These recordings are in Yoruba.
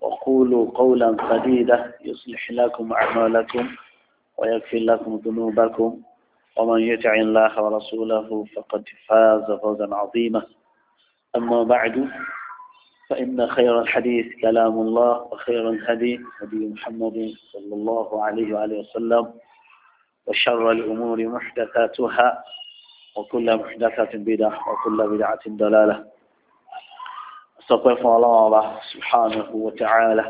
وقولوا قولا قديدا يصلح لكم أعمالكم ويغفر لكم ذنوبكم ومن يتع الله ورسوله فقد فاز فوزا عظيما أما بعد فإن خير الحديث كلام الله وخير الهدي هدي محمد صلى الله عليه وآله وسلم وشر الأمور محدثاتها وكل محدثة بدعة وكل بدعة ضلالة sọpẹ́ fún ọlọ́run ọba subhanahu wa ta'ala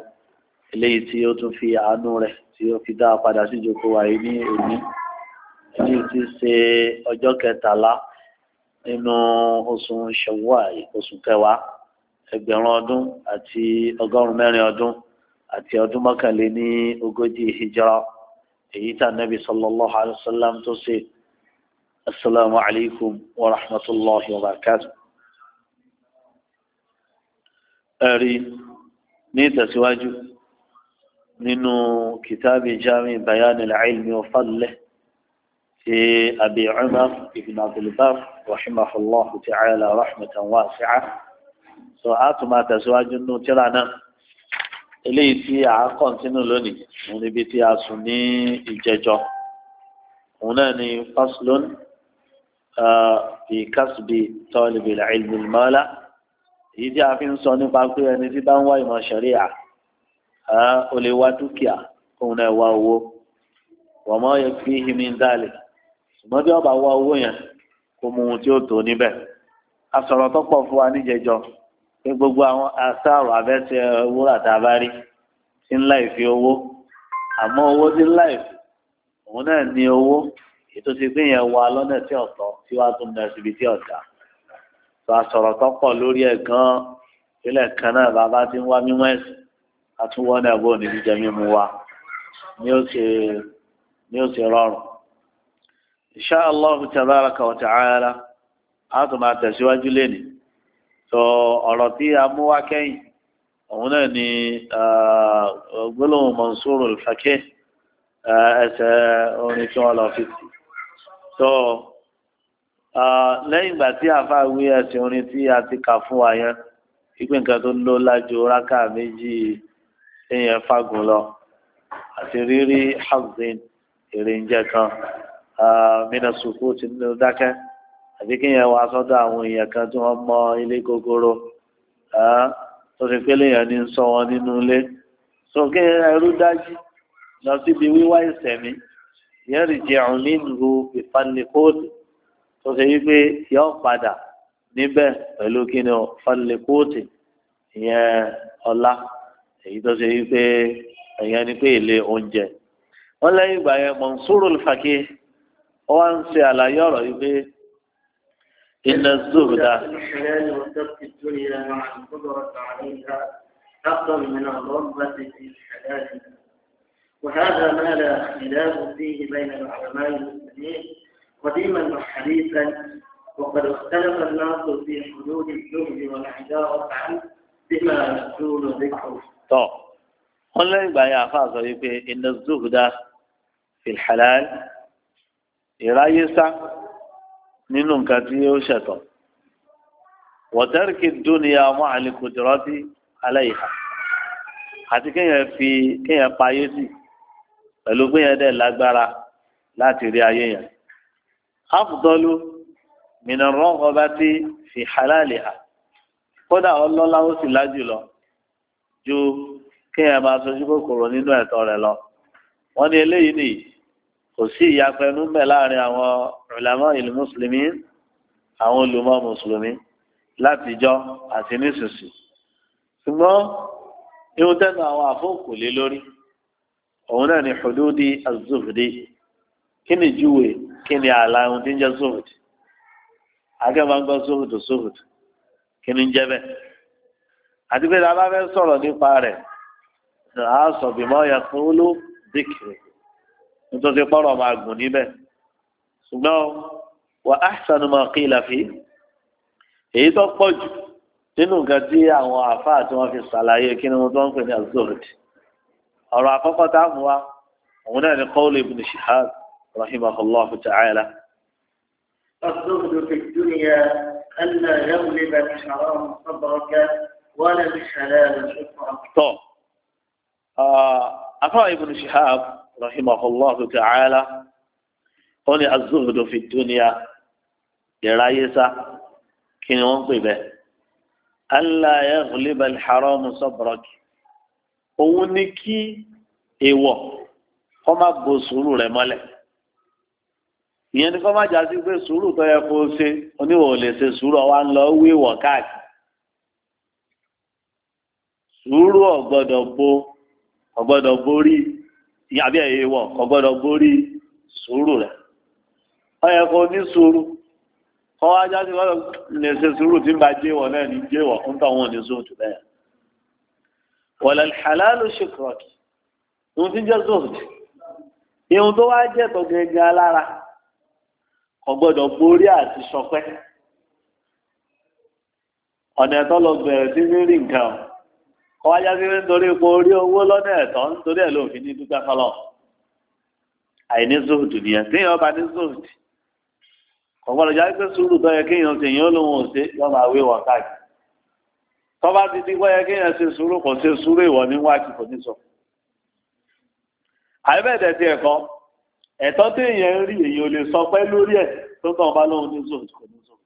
eléyìí tí ó tún fi àánú rẹ̀ tí ó fi dá padà sí ìjókòó wa yìí ní òní eléyìí tí ṣe ọjọ́ kẹtàlá nínú oṣù Shawwal oṣù kẹwàá ẹgbẹ̀rún ọdún àti ọgọ́rùn mẹ́rin ọdún àti ọdún mọ́kànlé ní ogójì hijra èyí tá nàbì sallallahu alaihi wasallam tó ṣe asalaamu wa rahmatulahi wa barakatuh ẹ̀rí ní ìtẹ̀síwájú nínú kìtàbí jami bayanil ilmi wa fadlihi ti abi umar ibn abdulbar rahimahullahu ta'ala rahmatan wasi'a so a tún máa tẹ̀síwájú nínú tíra náà eléyìí tí a kọ́ntínú lónìí òun níbi tí a sùn ní ìjẹjọ òun náà ni faslun uh, fi kasbi talibil ilmi al èyí tí a fi ń sọ nípa pé ẹni tí bá ń wá ìmọ̀ ṣẹ̀ríà ó lè wá dúkìá òun náà wá owó wọ́n mọ́ yẹ fi himi ń ṣùgbọ́n bí wọ́n wá owó yẹn kó mú ohun tí ó tó níbẹ̀ a sọ̀rọ̀ tó pọ̀ fún wa níjẹjọ pé gbogbo àwọn asáàrò abẹ́sẹ̀ wúrà tá a bá rí tí ń láì fi owó àmọ́ owó tí ń láì fi òun náà ní owó ètò ti gbìyànjú wa lọ́nà tí ọ̀tọ̀ tí wàá tún dá síbi tí ọ̀dà bá a sọ̀rọ̀ tó pọ̀ lórí ẹ̀ gan-an ìpínlẹ̀ kan náà bàbá ti ń wá mímọ́ ẹ̀sìn àtúwọ́n náà bò ní jíjẹ mímu wa ni ó ṣe ni ó ṣe rọrùn. Insha Allah tabaraka wa tún máa tẹ̀síwájú lénìí tó ọ̀rọ̀ tí a mú wá kẹ́yìn òun náà ni ah, gbólóhùn Mansur al ah, ẹsẹ̀ orin tí wọ́n lọ fi tì lẹ́yìn ìgbà tí àfa wí ẹ̀sìn orin tí a ti kà fún wa yẹn ìpín nǹkan tó ló lájú rákà méjì èèyàn fagun lọ àti rírí hamzin èrèǹjẹ kan mina sùkú ti ní dákẹ́ àbí kéèyàn wá sọ́dọ̀ àwọn èèyàn kan tí wọ́n mọ ilé gogoro tó ti pé léèyàn ní sọ wọn nínú ilé sọ kéèyàn ẹrú dájú lọ síbi wíwá ìsẹ̀mí yẹ́rìí jẹun nínú ìfanilẹ́kọ́ọ̀tì tó ṣe wípé yọ padà níbẹ̀ pẹ̀lú kíni ọ̀fọ̀lẹ̀ kóòtì ìyẹn ọlá èyí tó ṣe wípé ìyẹn ni pé ilé oúnjẹ wọn lẹ́yìn ìgbà yẹn Mansur al ó wá ń ṣe àlàyé ọ̀rọ̀ yìí iná zòwúdà. وهذا ما لا خلاف فيه بين العلماء المسلمين قديما وحديثا وقد اختلف الناس في حدود الزهد والعداء عنه بما يقول ذكره. طب wọ́n lẹ́yìn ìgbà yẹn àfa sọ wípé iná zuhuda filhalal ìráyésá nínú nǹkan tí ó ṣẹ̀tọ̀ wọ̀tẹ́rìkì dúnìyà ọmọ àlìkùdìrọ́tì aláìhà àti kéèyàn fi kéèyàn payé sí pẹ̀lú gbéyàn dẹ̀ lágbára láti rí ayé yẹn afudọ́lù mìnàrọ́ ọba tí fi halali ha kódà ọlọ́lá ó sì lájú lọ ju kéèyàn máa sojú kòkòrò nínú ẹ̀tọ́ rẹ̀ lọ wọ́n ní eléyìí nìyí kò sí ìyapẹnu mbẹ láàrin àwọn ulama ìlú mùsùlùmí àwọn olùmọ̀ mùsùlùmí látijọ́ àti nísinsìnyí ṣùgbọ́n ihun tẹnu àwọn àfọkù lé lórí òun náà ní hududi az-zuhdi kí ni júwe kí ni ààlà ohun tí ń jẹ́ sóhùdù akẹ́kọ̀ọ́ ń gbọ́ sóhùdù sóhùdù kí ń jẹ́ bẹ́ẹ̀ àti pé tá a fẹ́ sọ̀rọ̀ nípa rẹ̀ à á sọ bímọ yẹ fún olú dìkìrì nítorí pọ́rọ̀ máa gùn níbẹ̀ ṣùgbọ́n wà á kí èyí tó pọ̀ jù nínú nǹkan tí àwọn àfáà tí wọ́n fi ṣàlàyé wọ́n tó ń pè ní a mú wa òun náà ni رحمه الله تعالى الزهد في الدنيا ألا يغلب الحرام صبرك ولا الحلال شكرك طب أفا آه، ابن شهاب رحمه الله تعالى قال الزهد في الدنيا يرايسا كن ينطبه ألا يغلب الحرام صبرك òun إيوه kí èèwọ̀ ملك ìyẹn ni kọ́ má jásí pé sùúrù tó yẹ kó ṣe oníwò lè ṣe sùúrù ọwá ń lọ wíwọ̀ káàkiri sùúrù ọ̀gbọ́dọ̀ bo ọ̀gbọ́dọ̀ borí àbí ẹ̀yẹ wọ̀ ọ̀gbọ́dọ̀ borí sùúrù rẹ̀ ó yẹ kó ní sùúrù kọ́ wá jásí kọ́ lè ṣe sùúrù tí ń bá jéwọ̀ náà ní jéwọ̀ ń tọ́ wọn ní sóhùn jù bẹ́ẹ̀ wọ̀lẹ̀ halalu ṣèkọ̀ọ̀kì ohun tí jẹ́ sóhùn ihun tó wá jẹ́ tó gẹ́gẹ́ alára kò gbọ́dọ̀ borí àti sọpẹ́ ọ̀nà ẹ̀tọ́ lọ bẹ̀rẹ̀ sí ní rí nǹkan ọ̀ kọ́ wáyá sí nítorí ipò orí owó lọ́nà ẹ̀tọ́ nítorí ẹ̀ ló fi ní dúpẹ́ fọlọ́ àìní zohùdù nìyẹn téèyàn bá ní zohùdù kò gbọ́dọ̀ jáde pé sùúrù tó yẹ kéèyàn ṣe èèyàn lòun ò ṣe yọ máa wé wọn káàkiri tó bá ti di pé kéèyàn ṣe sùúrù kò ṣe sùúrù ìwọ níwájú kò ní sọ àyẹ̀bẹ̀dẹ̀ ti ẹ̀kọ́ ẹ̀tọ́ tí èèyàn ń rí èèyàn ò lè sọ pé lórí ẹ̀ tó tàn bá lóhun ní zoom kò ní zoom.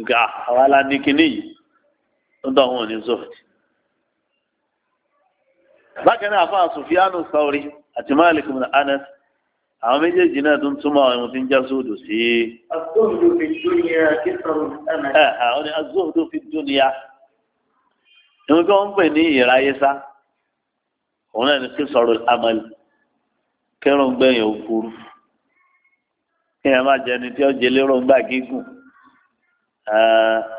nga àwa la ní kinní yìí tó tàn wọn ò ní zoom. bákan náà àfáà Sufyanu Sauri àti Malik ibn Anas àwọn méjèèjì náà tó ń túmọ̀ àwọn tí ń já sódò sí. azóòdò fi dúnìá kí sọ̀rọ̀ ẹ̀mẹ. ẹ àwọn ni azóòdò fi dúnìá ìwọ́n tí wọ́n ń pè ní ìráyé sá òun náà ni kí sọ̀rọ̀ amẹ́lì kẹrùn gbẹ̀yìn òkúrú kéèyàn má jẹ ẹni tí ó jẹlé rògbà gígùn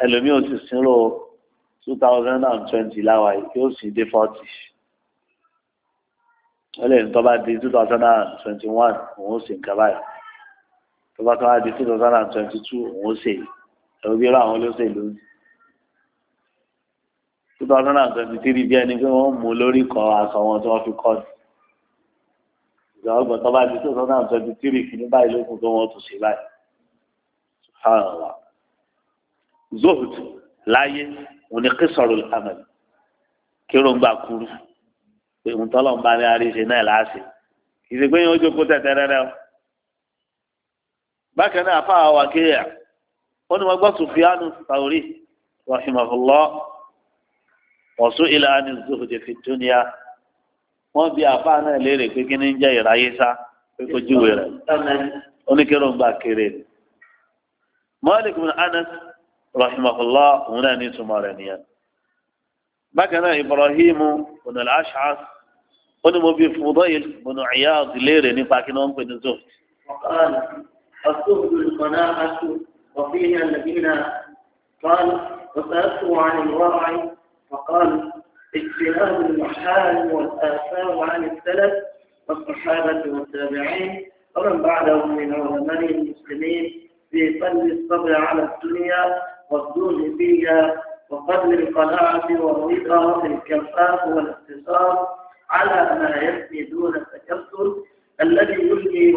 ẹlòmíì ò sì sínrò two thousand and twenty láwa yìí yóò sì dé forty ó lè ní tó bá di two thousand and twenty one òun ó sì ń kaba yìí tó bá tó bá di two thousand and twenty two òun ó sì ẹ̀rọ bí irú àwọn olóṣèlú two thousand and twenty three bí ẹni pé wọ́n mú lórí kan aṣọ wọn tí wọ́n fi kọ́ ni ìgbà ọgbọ̀n tó bá ti tó tó náà twenty three kìíní báyìí lókun tó wọ́n tún ṣe báyìí subhanallah zohud láyé òní kẹsọ̀rọ̀ lẹ́kàmẹ́ kíròǹgbà kúrú pé òun tọ́lọ̀ ń bá ní àríṣe náà láàṣẹ ìsìnkú yẹn ó jókòó tẹ̀tẹ̀rẹ̀rẹ̀ o bákan náà afáwà wà kéèyà ó ní wọn gbọ́ sùfìánù sàórì rahimahullah wọ́n sún ilẹ̀ fi dúnìá. wọ́n bi àpá náà léèrè pé kí ni ń jẹ́ ìráyé sá pé kó júwe rẹ̀ oníkéròǹgbà kéré ni. Malik bin Anas rahimahullah òun náà ní ìtumọ̀ rẹ̀ nìyẹn. bákan náà Ibrahim bin al-Ash'as ó ní mo bi Fudayl bin Iyad léèrè nípa kí ni wọ́n ń pè ní zuhd. الزهد القناعة وفيها الذين قال وسألته عن الورع فقال اجتهاد المحال والآثار عن السلف والصحابة والتابعين ومن بعدهم من علماء المسلمين في فضل الصبر على الدنيا والظلم فيها وقدر القناعة والرضا بالكفاف والاقتصاد على ما يبني دون التكسر الذي يلهي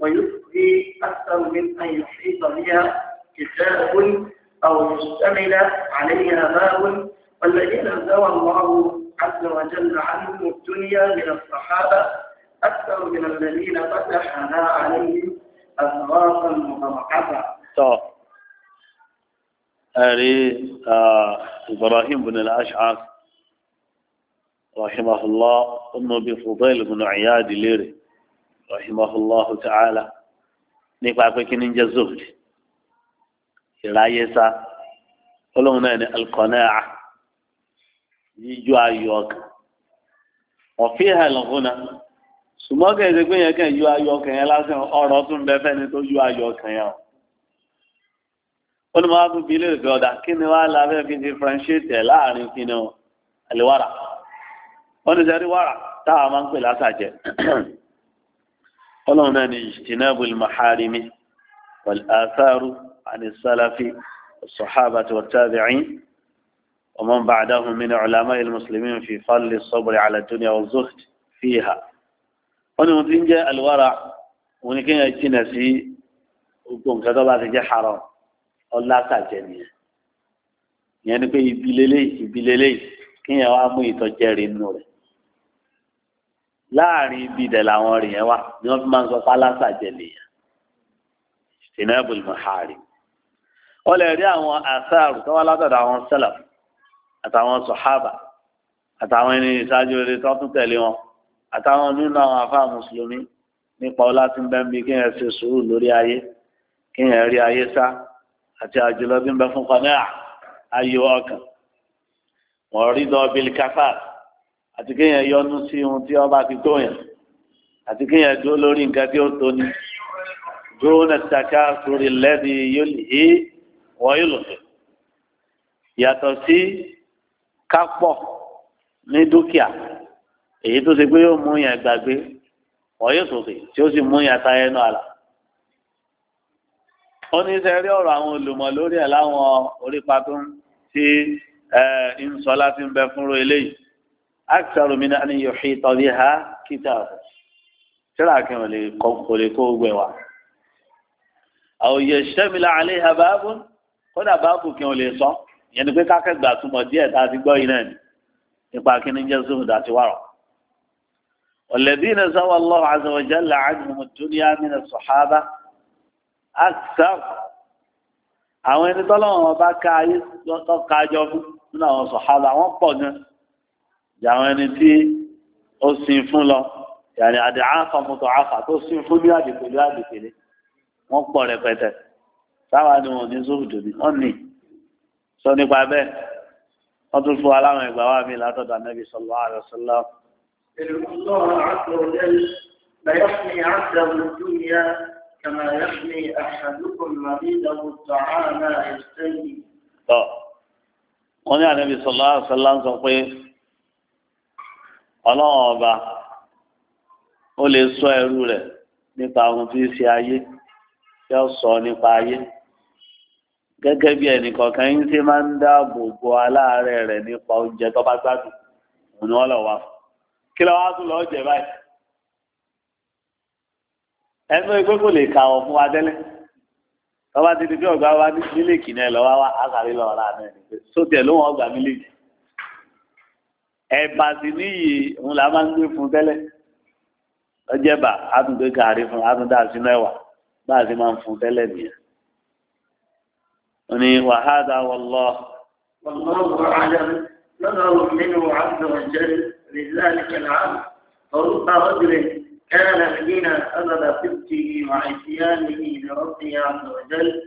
ويسقي أكثر من أن يحيط بها كتاب أو يشتمل عليها ماء والذين زوى الله عز وجل عنهم الدنيا من الصحابة أكثر من الذين فتحنا عليهم أسرافا مبركة. أري آه، إبراهيم بن الأشعث رحمه الله أنه بفضيل بن عياد ليري رحمه الله تعالى nípa فيك kí ni ń jẹ́ zuhd ìráyé jíjó ayọ̀ ọkàn ọ̀fíì àlọ́kùnà ṣùgbọ́n kẹ̀sẹ̀ pé yẹn kàn yọ ayọ̀ ọkàn yẹn lásán ọ̀rọ̀ tún bẹ fẹ́ni tó yọ ayọ̀ ọkàn yẹn o ó ní wàá tún bílẹ̀ ìfẹ́ ọ̀dà kí ni wàá la fi differentiate ẹ̀ láàrin kí ni o àlewàrà ó ní sẹ́rí wàrà táwa máa ń pè lásàjẹ́ ọlọ́run náà ni ìjìnàbùl maharimi wal atharu àni sálàfi sọ̀hábàtì wàtàbíìn ومن بعدهم من علماء المسلمين في فضل الصبر على الدنيا والزهد فيها wọ́n ní wọ́n ti ń jẹ́ àlùwárà wọ́n ní kéèyàn jìnà sí gbogbo nǹkan tó bá ti jẹ́ haram ọlásàjẹ nìyẹn ìyẹn ni pé ibi lélẹ́yìí ibi lélẹ́yìí kéèyàn wá mú ìtọ́jẹ́ rí nù rẹ̀ láàrin ibi ìdẹ̀ làwọn rìn yẹn wá ni wọ́n fi máa ń sọ fálásàjẹ nìyẹn sinabul mahari wọ́n lè rí àwọn àsáàrù tó wá látọ̀dọ̀ àwọn sálàfù àtàwọn sọ̀hábà àtàwọn ẹni ìṣáájú rere tó tún tẹ̀lé wọn àtàwọn nínú àwọn afá mùsùlùmí nípa ọlá tí ń bẹ ń bi kí yẹn ṣe sùúrù lórí ayé kí yẹn rí ayé sá àti àjùlọ tí ń bẹ fún kọ́nẹ́à ayé ọkàn wọ́n rí dọ́ bíi káfá àti kí yẹn yọnu sí ohun tí ọba ti tó yẹn àti kí yẹn dúró lórí nǹkan tí ó tó ni dúró nàìjíríà sórí lẹ́bi yóò lè wọ́n yóò lò fẹ́ yàtọ̀ sí ká pọ̀ ní dúkìá èyí tó ṣe pé yóò mú yẹn gbàgbé ọ̀yẹ́ sòkè tí ó sì mú yẹn ta ẹnu àlà. ó ní sẹ́ rí ọ̀rọ̀ àwọn olùmọ̀ lórí ẹ̀ láwọn orípa tó ń tí ń sọ láti ń bẹ fúnrú eléyìí akitaro mi náà ni yòóhì tọ́lí ha kíta tíra kí wọn lè kọ́ kó lè kó gbẹ wá. àwòyẹ sẹ́mi la ha báàbù kódà báàbù kí wọn lè sọ ìyẹn ni pé kákẹ́gbà túmọ̀ díẹ̀ tá a ti gbọ́ yìí náà ni nípa kíní jẹ́ zuhud àti wàrọ̀. والذين زوى الله عز وجل عنهم الدنيا من الصحابة أكثر àwọn ẹni tọ́lọ́wọ́n ọba ká ayé tọ́kájọ fún nínú àwọn sọ̀hálà wọ́n pọ̀ gan jẹ́ àwọn ẹni tí ó sin fún lọ yàrá àdé àáfà mọ́tò àáfà tó sin fún ní àdìpẹ̀lú àdìpẹ̀lẹ̀ wọ́n pọ̀ rẹpẹtẹ táwa ni wọn ní sọ nípa bẹ́ẹ̀ wọ́n tún fún aláwọn ìgbà wa mi látọ̀dọ̀ anábì sallallahu alaihi wasallam. الله عز وجل ليحمي عبده الدنيا كما يحمي أحدكم مريضه الطعام يستني. wọ́n ní ànábì sọ̀lá ṣọlá ń sọ pé ọlọ́run ọba ó lè sọ ẹrú rẹ̀ nípa ohun tí í ṣe ayé tí sọ nípa ayé gẹ́gẹ́ bí ẹnìkọ̀ọ̀kan yín ṣe máa ń dáàbò bo aláàárẹ̀ rẹ̀ nípa oúnjẹ tó bá gbádùn òun ni wọ́n lọ wá fún kí lọ wá tún lọ jẹ báyìí ẹnu ẹgbẹ́ kò lè kà ọ̀ fún wa tẹ́lẹ̀ lọ́wọ́ ti di bí ọ̀gá wa ní mílíkì náà lọ́wọ́ wa àkàrí lọ́wọ́ rà náà nìgbẹ́ sóde ló wọ́n gbà mílíkì ẹ̀bà sì níyì òun là máa ń gbé fún tẹ́lẹ̀ ọjẹ́bà á tún gbé kàrí fún á tún dá sínú ẹ̀wà bá a máa ń fún tẹ́lẹ̀ nìyẹn. أني يعني وهذا والله والله أعلم نظر منه عز وجل لذلك العام فرب رجل كان مدينا أبدا صدقه وعصيانه لربه عز وجل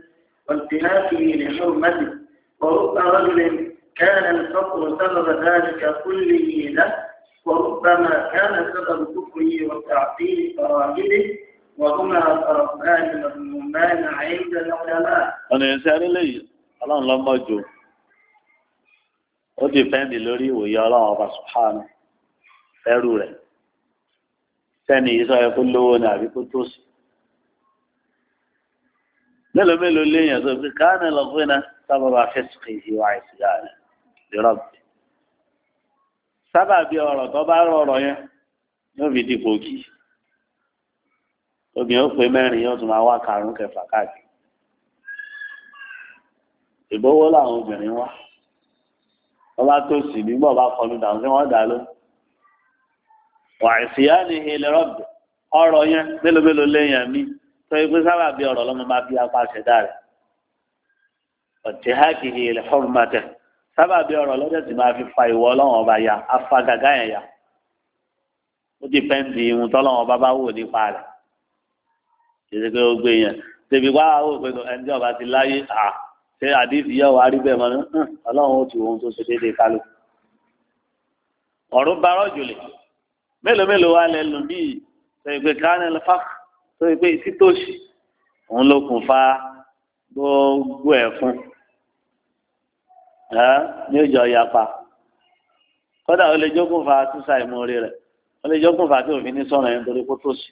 وانتهاكه لحرمته ورب رجل كان الفقر سبب ذلك كله له وربما كان سبب كفره وتعطيل فراغبه وهما طرفان مذمومان عند العلماء. ọ̀nà ìṣẹ́rí lẹ́yìn ọlọ́run ló mọ̀ jù ó ti fẹ́ǹdì lórí ìwòye ọlọ́run ọba subhanahu ẹrú rẹ̀ sẹ́ni yìí sọ yẹ kó lówó ni àbí kó tó sí. mélòó mélòó léèyàn tó fi káàní lọ obìnrin ó pé mẹ́rin yóò tún máa wá karùn-ún kẹfà káàkiri ìbówó làwọn obìnrin wá wọ́n bá tó sì nígbà bá kọlu dàrún sí wọ́n dà ló wà ìsìyá ni ilẹ̀ rọ́bì ọ̀rọ̀ yẹn mélòó mélòó léèyàn mi tó ipé sábà bí ọ̀rọ̀ lọ́mọ máa bí apá ṣẹ̀dá rẹ̀ ọ̀tí hákìhì ilẹ̀ fọ́ọ̀mùmátẹ̀ sábà bí ọ̀rọ̀ lọ́jọ́ sì máa fi fa ìwọ ọlọ́wọ́n ọba ya afagagá yẹn ya ó ti pẹ́ǹdì ìhun tọ́lọ́wọ́n ọba bá wò nípa rẹ̀ ṣèṣe pé ó gbé yẹn tèmi wá ó pé ẹni tí ọba ti láyé à ṣé àdìsí yẹ wàá rí bẹ́ẹ̀ mọ́ ọlọ́run ó ti ohun tó ṣe déédéé kálù. ọ̀run barọ́ jùlẹ̀ mélòó mélòó wà lẹ́nu bíi ṣe pé kánẹ́l fák ṣe pé títòṣì òun ló kùn fa gbogbo ẹ̀ fún ẹ ní ìjọ yapa kódà ó lè jókòó fa sísá ìmúrí rẹ̀ ó lè jókòó fa tí òfin ní sọ̀rọ̀ yẹn torí kó tòṣì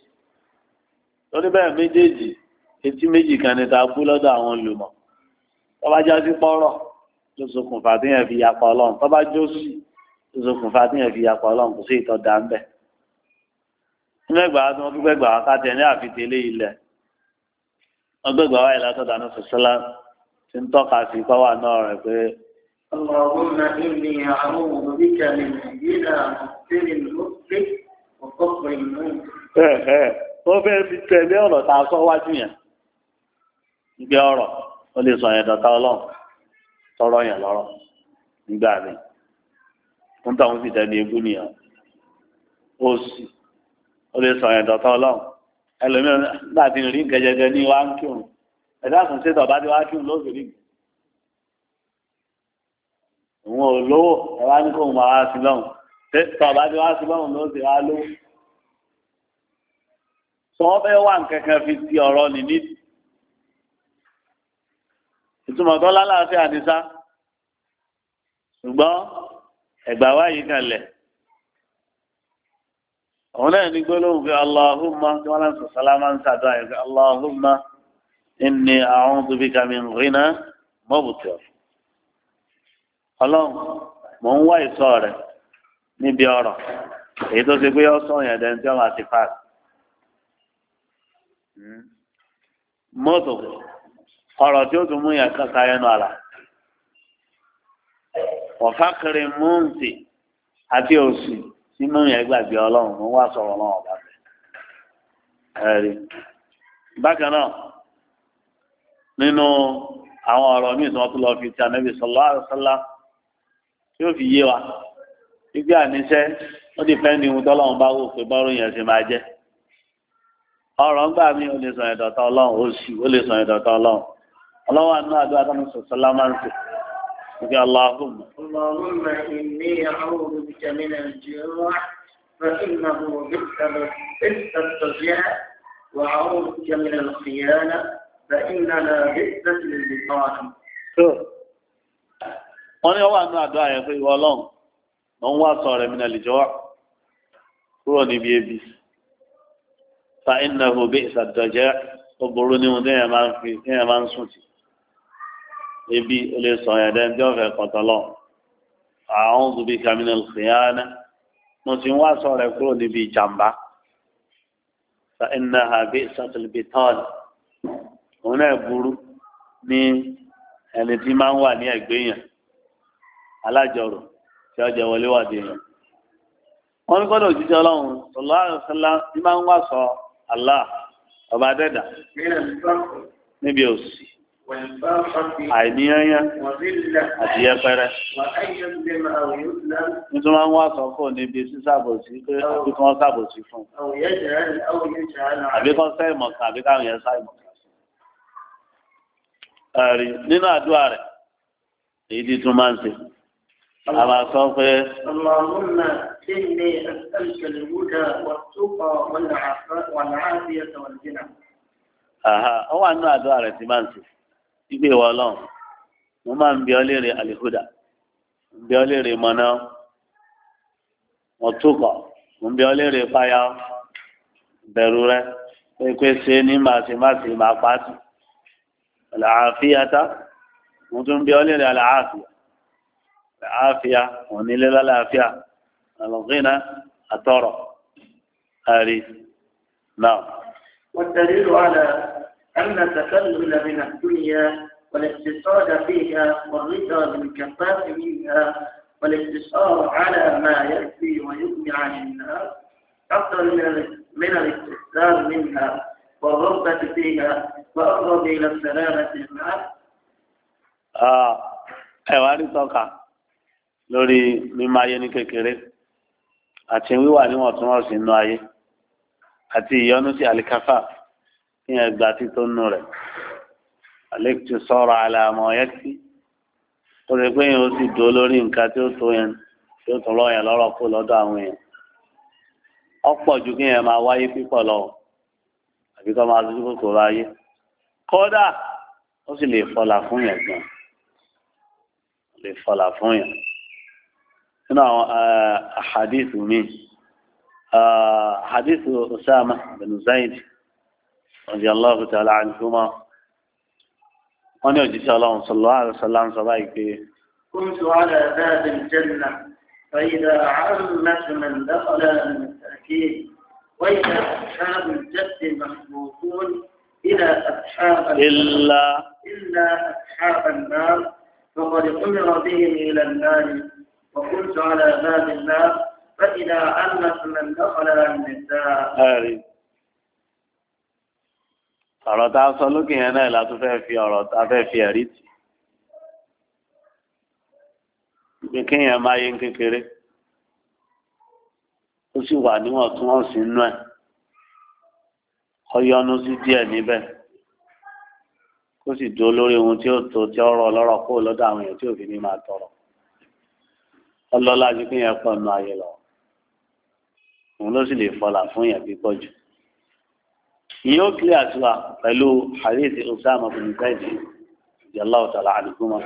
lórí bẹ́ẹ̀ méjèèjì etí méjì kan ní ta bú lọ́dọ̀ àwọn olùmọ̀ tọ́ba já sí pọ́rọ̀ ló ṣokùnfà tí yẹn fi yapa ọlọ́run tọ́ba jó sí ló ṣokùnfà tí yẹn fi yapa ọlọ́run kò sí ìtọ́ da ń bẹ̀. nínú ẹgbàá tí wọ́n gbẹ́gbẹ́ gbàá ká tẹ̀ ní àfitẹ́lẹ́ ilẹ̀ wọ́n gbẹ́gbàá wáyé látọ̀dá ní sọ́sọ́lá ti ń tọ́ka sí pọ́wà náà rẹ̀ pé اللهم إني ó fẹ́ fi tẹ̀lé ọ̀rọ̀ tá sọ wájú yẹn gbé ọ̀rọ̀ ó lè sọ yẹn dọ̀tá ọlọ́run tọrọ yẹn lọ́rọ̀ nígbà mi ń tàwọn sì dẹni egú nìyẹn ó sì ó lè sọ yẹn dọ̀tá ọlọ́run ẹlòmíràn láti rí gẹgẹgẹ ní wá ń kírun ẹ̀dá kan ṣètò ọ̀bá tí wá kírun lóṣù rí òun ò lówó ẹ̀ wá ní kóun máa wá sí lọ́hùn tọ́ tí wá sí lọ́hùn lóṣù wá lówó sọ fẹ́ wà nkankan fi ti ọ̀rọ̀ nìní. ìtumọ̀ tó lálàáfíà ni sá ṣùgbọ́n ẹ̀gbà wáyé kan lẹ̀. òun náà ní gbólóhùn pé aláhùnmá tí wọ́n lọ́n sọ sálámà ń sàdọ́ àyè pé aláhùnmá inni a'udhu bika min ghina mọ́bùtì ọ̀f. ọlọ́run mò ń wá ìsọ rẹ̀ níbi ọ̀rọ̀ èyí tó ṣe pé ọ̀sán yẹn dẹ́ntẹ́ wọn àti fáàkì mọ́tò ọ̀rọ̀ tí ó tún mú yàn kankan ẹnu àlà ọ̀fákiri múùntì àti òsì tí mú yàn gbàgbé ọlọ́run mú wá sọ̀rọ̀ náà ọ̀bá ẹ̀rí bákan náà nínú àwọn ọ̀rọ̀ míì tí wọ́n tún lọ fi ti ànábì sallallahu alaihi wasallam tí ó fi yé wa gbígbé àníṣẹ́ ó dìpẹ́ndì ohun tọ́lọ́run bá wò pé bọ́rùn yẹn ṣe máa jẹ́ ọ̀rọ̀ ń gbà mí ó lè sọ ìdọ̀tọ̀ ọlọ́run oṣù ó lè sọ ìdọ̀tọ̀ ọlọ́run ọlọ́wọ́ àánú àdúrà tó ń sọ sọlá máa ń sè níbi aláhùnmá. Allahumma inni a'udhu bika min al-ju' fa innahu bi'sa al-taji'a wa a'udhu bika min al-khiyana wọ́n ní ọwọ́ àánú àdúrà yẹn pé ìwọ ọlọ́run ló ń wá sọ rẹ̀ mi náà lè jọ wá kúrò níbi ebi fa innahu bi'sa ad-daja' ó burú ní ohun téèyàn máa ń fi téèyàn máa ń sùn sí ebi ó lè sọ yẹn dẹ́n tí ó fẹ́ kọ́tọ́lọ́ a'udhu bika min al-khiyana mo ti ń wá sọ rẹ kúrò níbi ìjàmbá fa innaha bi'sat al-bitan òun náà burú ní ẹni tí máa ń wà ní ẹgbẹ́ alájọrò tí ọjà wọlé wà dé yẹn wọn gbọ́dọ̀ jíjẹ Ọlọ́run sallallahu alaihi wasallam sọ Allah ọba dẹ́dà níbi òsì àìníyányá àti yẹpẹrẹ nítorí wọn wá sọ fún níbi sísàbòsí pé àbí kí wọn sàbòsí fún àbí kan sẹ́ìmọ̀ kan àbí káwọn yẹn sẹ́ìmọ̀ kan nínú àdúrà rẹ̀ èyí tí tún máa ń ṣe. a máa sọ pé. Allahumma inni as'aluka al-huda wat-tuqa wal-'afiyata wal-ghina. Ó wà nínú àdúrà rẹ̀ tí máa ń sè. Igbe ìwọ ọlọ́run, mo ọ léèrè àlìhúdà, ń ọ ọ àáfíà ònílé عافية الغنى àtọ̀rọ̀ هذه نعم والدليل على أن التكلل من الدنيا والاقتصاد فيها والرضا كفاف منها والاقتصار على ما يكفي ويغني عن الناس أفضل من الاستحسان منها والرغبة فيها وأقرب إلى السلامة معه. آه أيوة طاقة lórí mímọ̀ ayé ní kékeré àti wíwà níwọ̀ntúnwọ̀nsì nínú ayé àti ìyọnu sí àlìkáfà kí yẹn gba títọ́ nù rẹ̀ àlékùtù sọ̀rọ̀ àlàmọ̀ yẹn tí ó ṣe pé yẹn ó sì dúró lórí nǹkan tí ó tó yẹn tí ó tún lọ yẹn lọ́rọ̀ kó lọ́dọ̀ àwọn yẹn ọ̀pọ̀ ju kí yẹn máa wáyé pípọ̀ lọ àbí kọ́ máa lójú kòkòrò ayé kódà ó sì lè fọlà fún yẹn gan lè fọlà fún yẹn. هنا آه، حديث من آه، حديث أسامة بن زيد رضي الله تعالى عنهما وأني صلى الله عليه وسلم صلى الله عليه وسلم صلاتي كنت على باب الجنة فإذا علمت من دخل من التأكيد وإذا أصحاب الجد مخبوطون إلى أصحاب النار إلا أصحاب النار فقد أمر بهم إلى النار وكنت على باب الناس فإذا أنس من دخل النساء ọ̀rọ̀ tá a sọ lókè yẹn náà la tún fẹ́ fi ọ̀rọ̀ tá a fẹ́ fi ẹ̀rí tì pé kéèyàn máa yé kékeré ó sì wà níwọ̀ntúnwọ̀nsì nínú ẹ̀ ọyọnu sí díẹ̀ níbẹ̀ kó sì dúró lórí ohun tí ó tó tí ọ̀rọ̀ ọlọ́rọ̀ kó lọ́dọ̀ àwọn èèyàn tí òfin ní máa tọrọ ọlọ́lá ju kéèyàn pọ̀ nù ayé lọ òun ló sì lè fọlà fún yàn pípọ̀ jù ìyẹn ó kílẹ̀ àtiwá pẹ̀lú àríyèsí Usama bin Zaid ìjọba ọ̀tàlá àdìgúnmọ́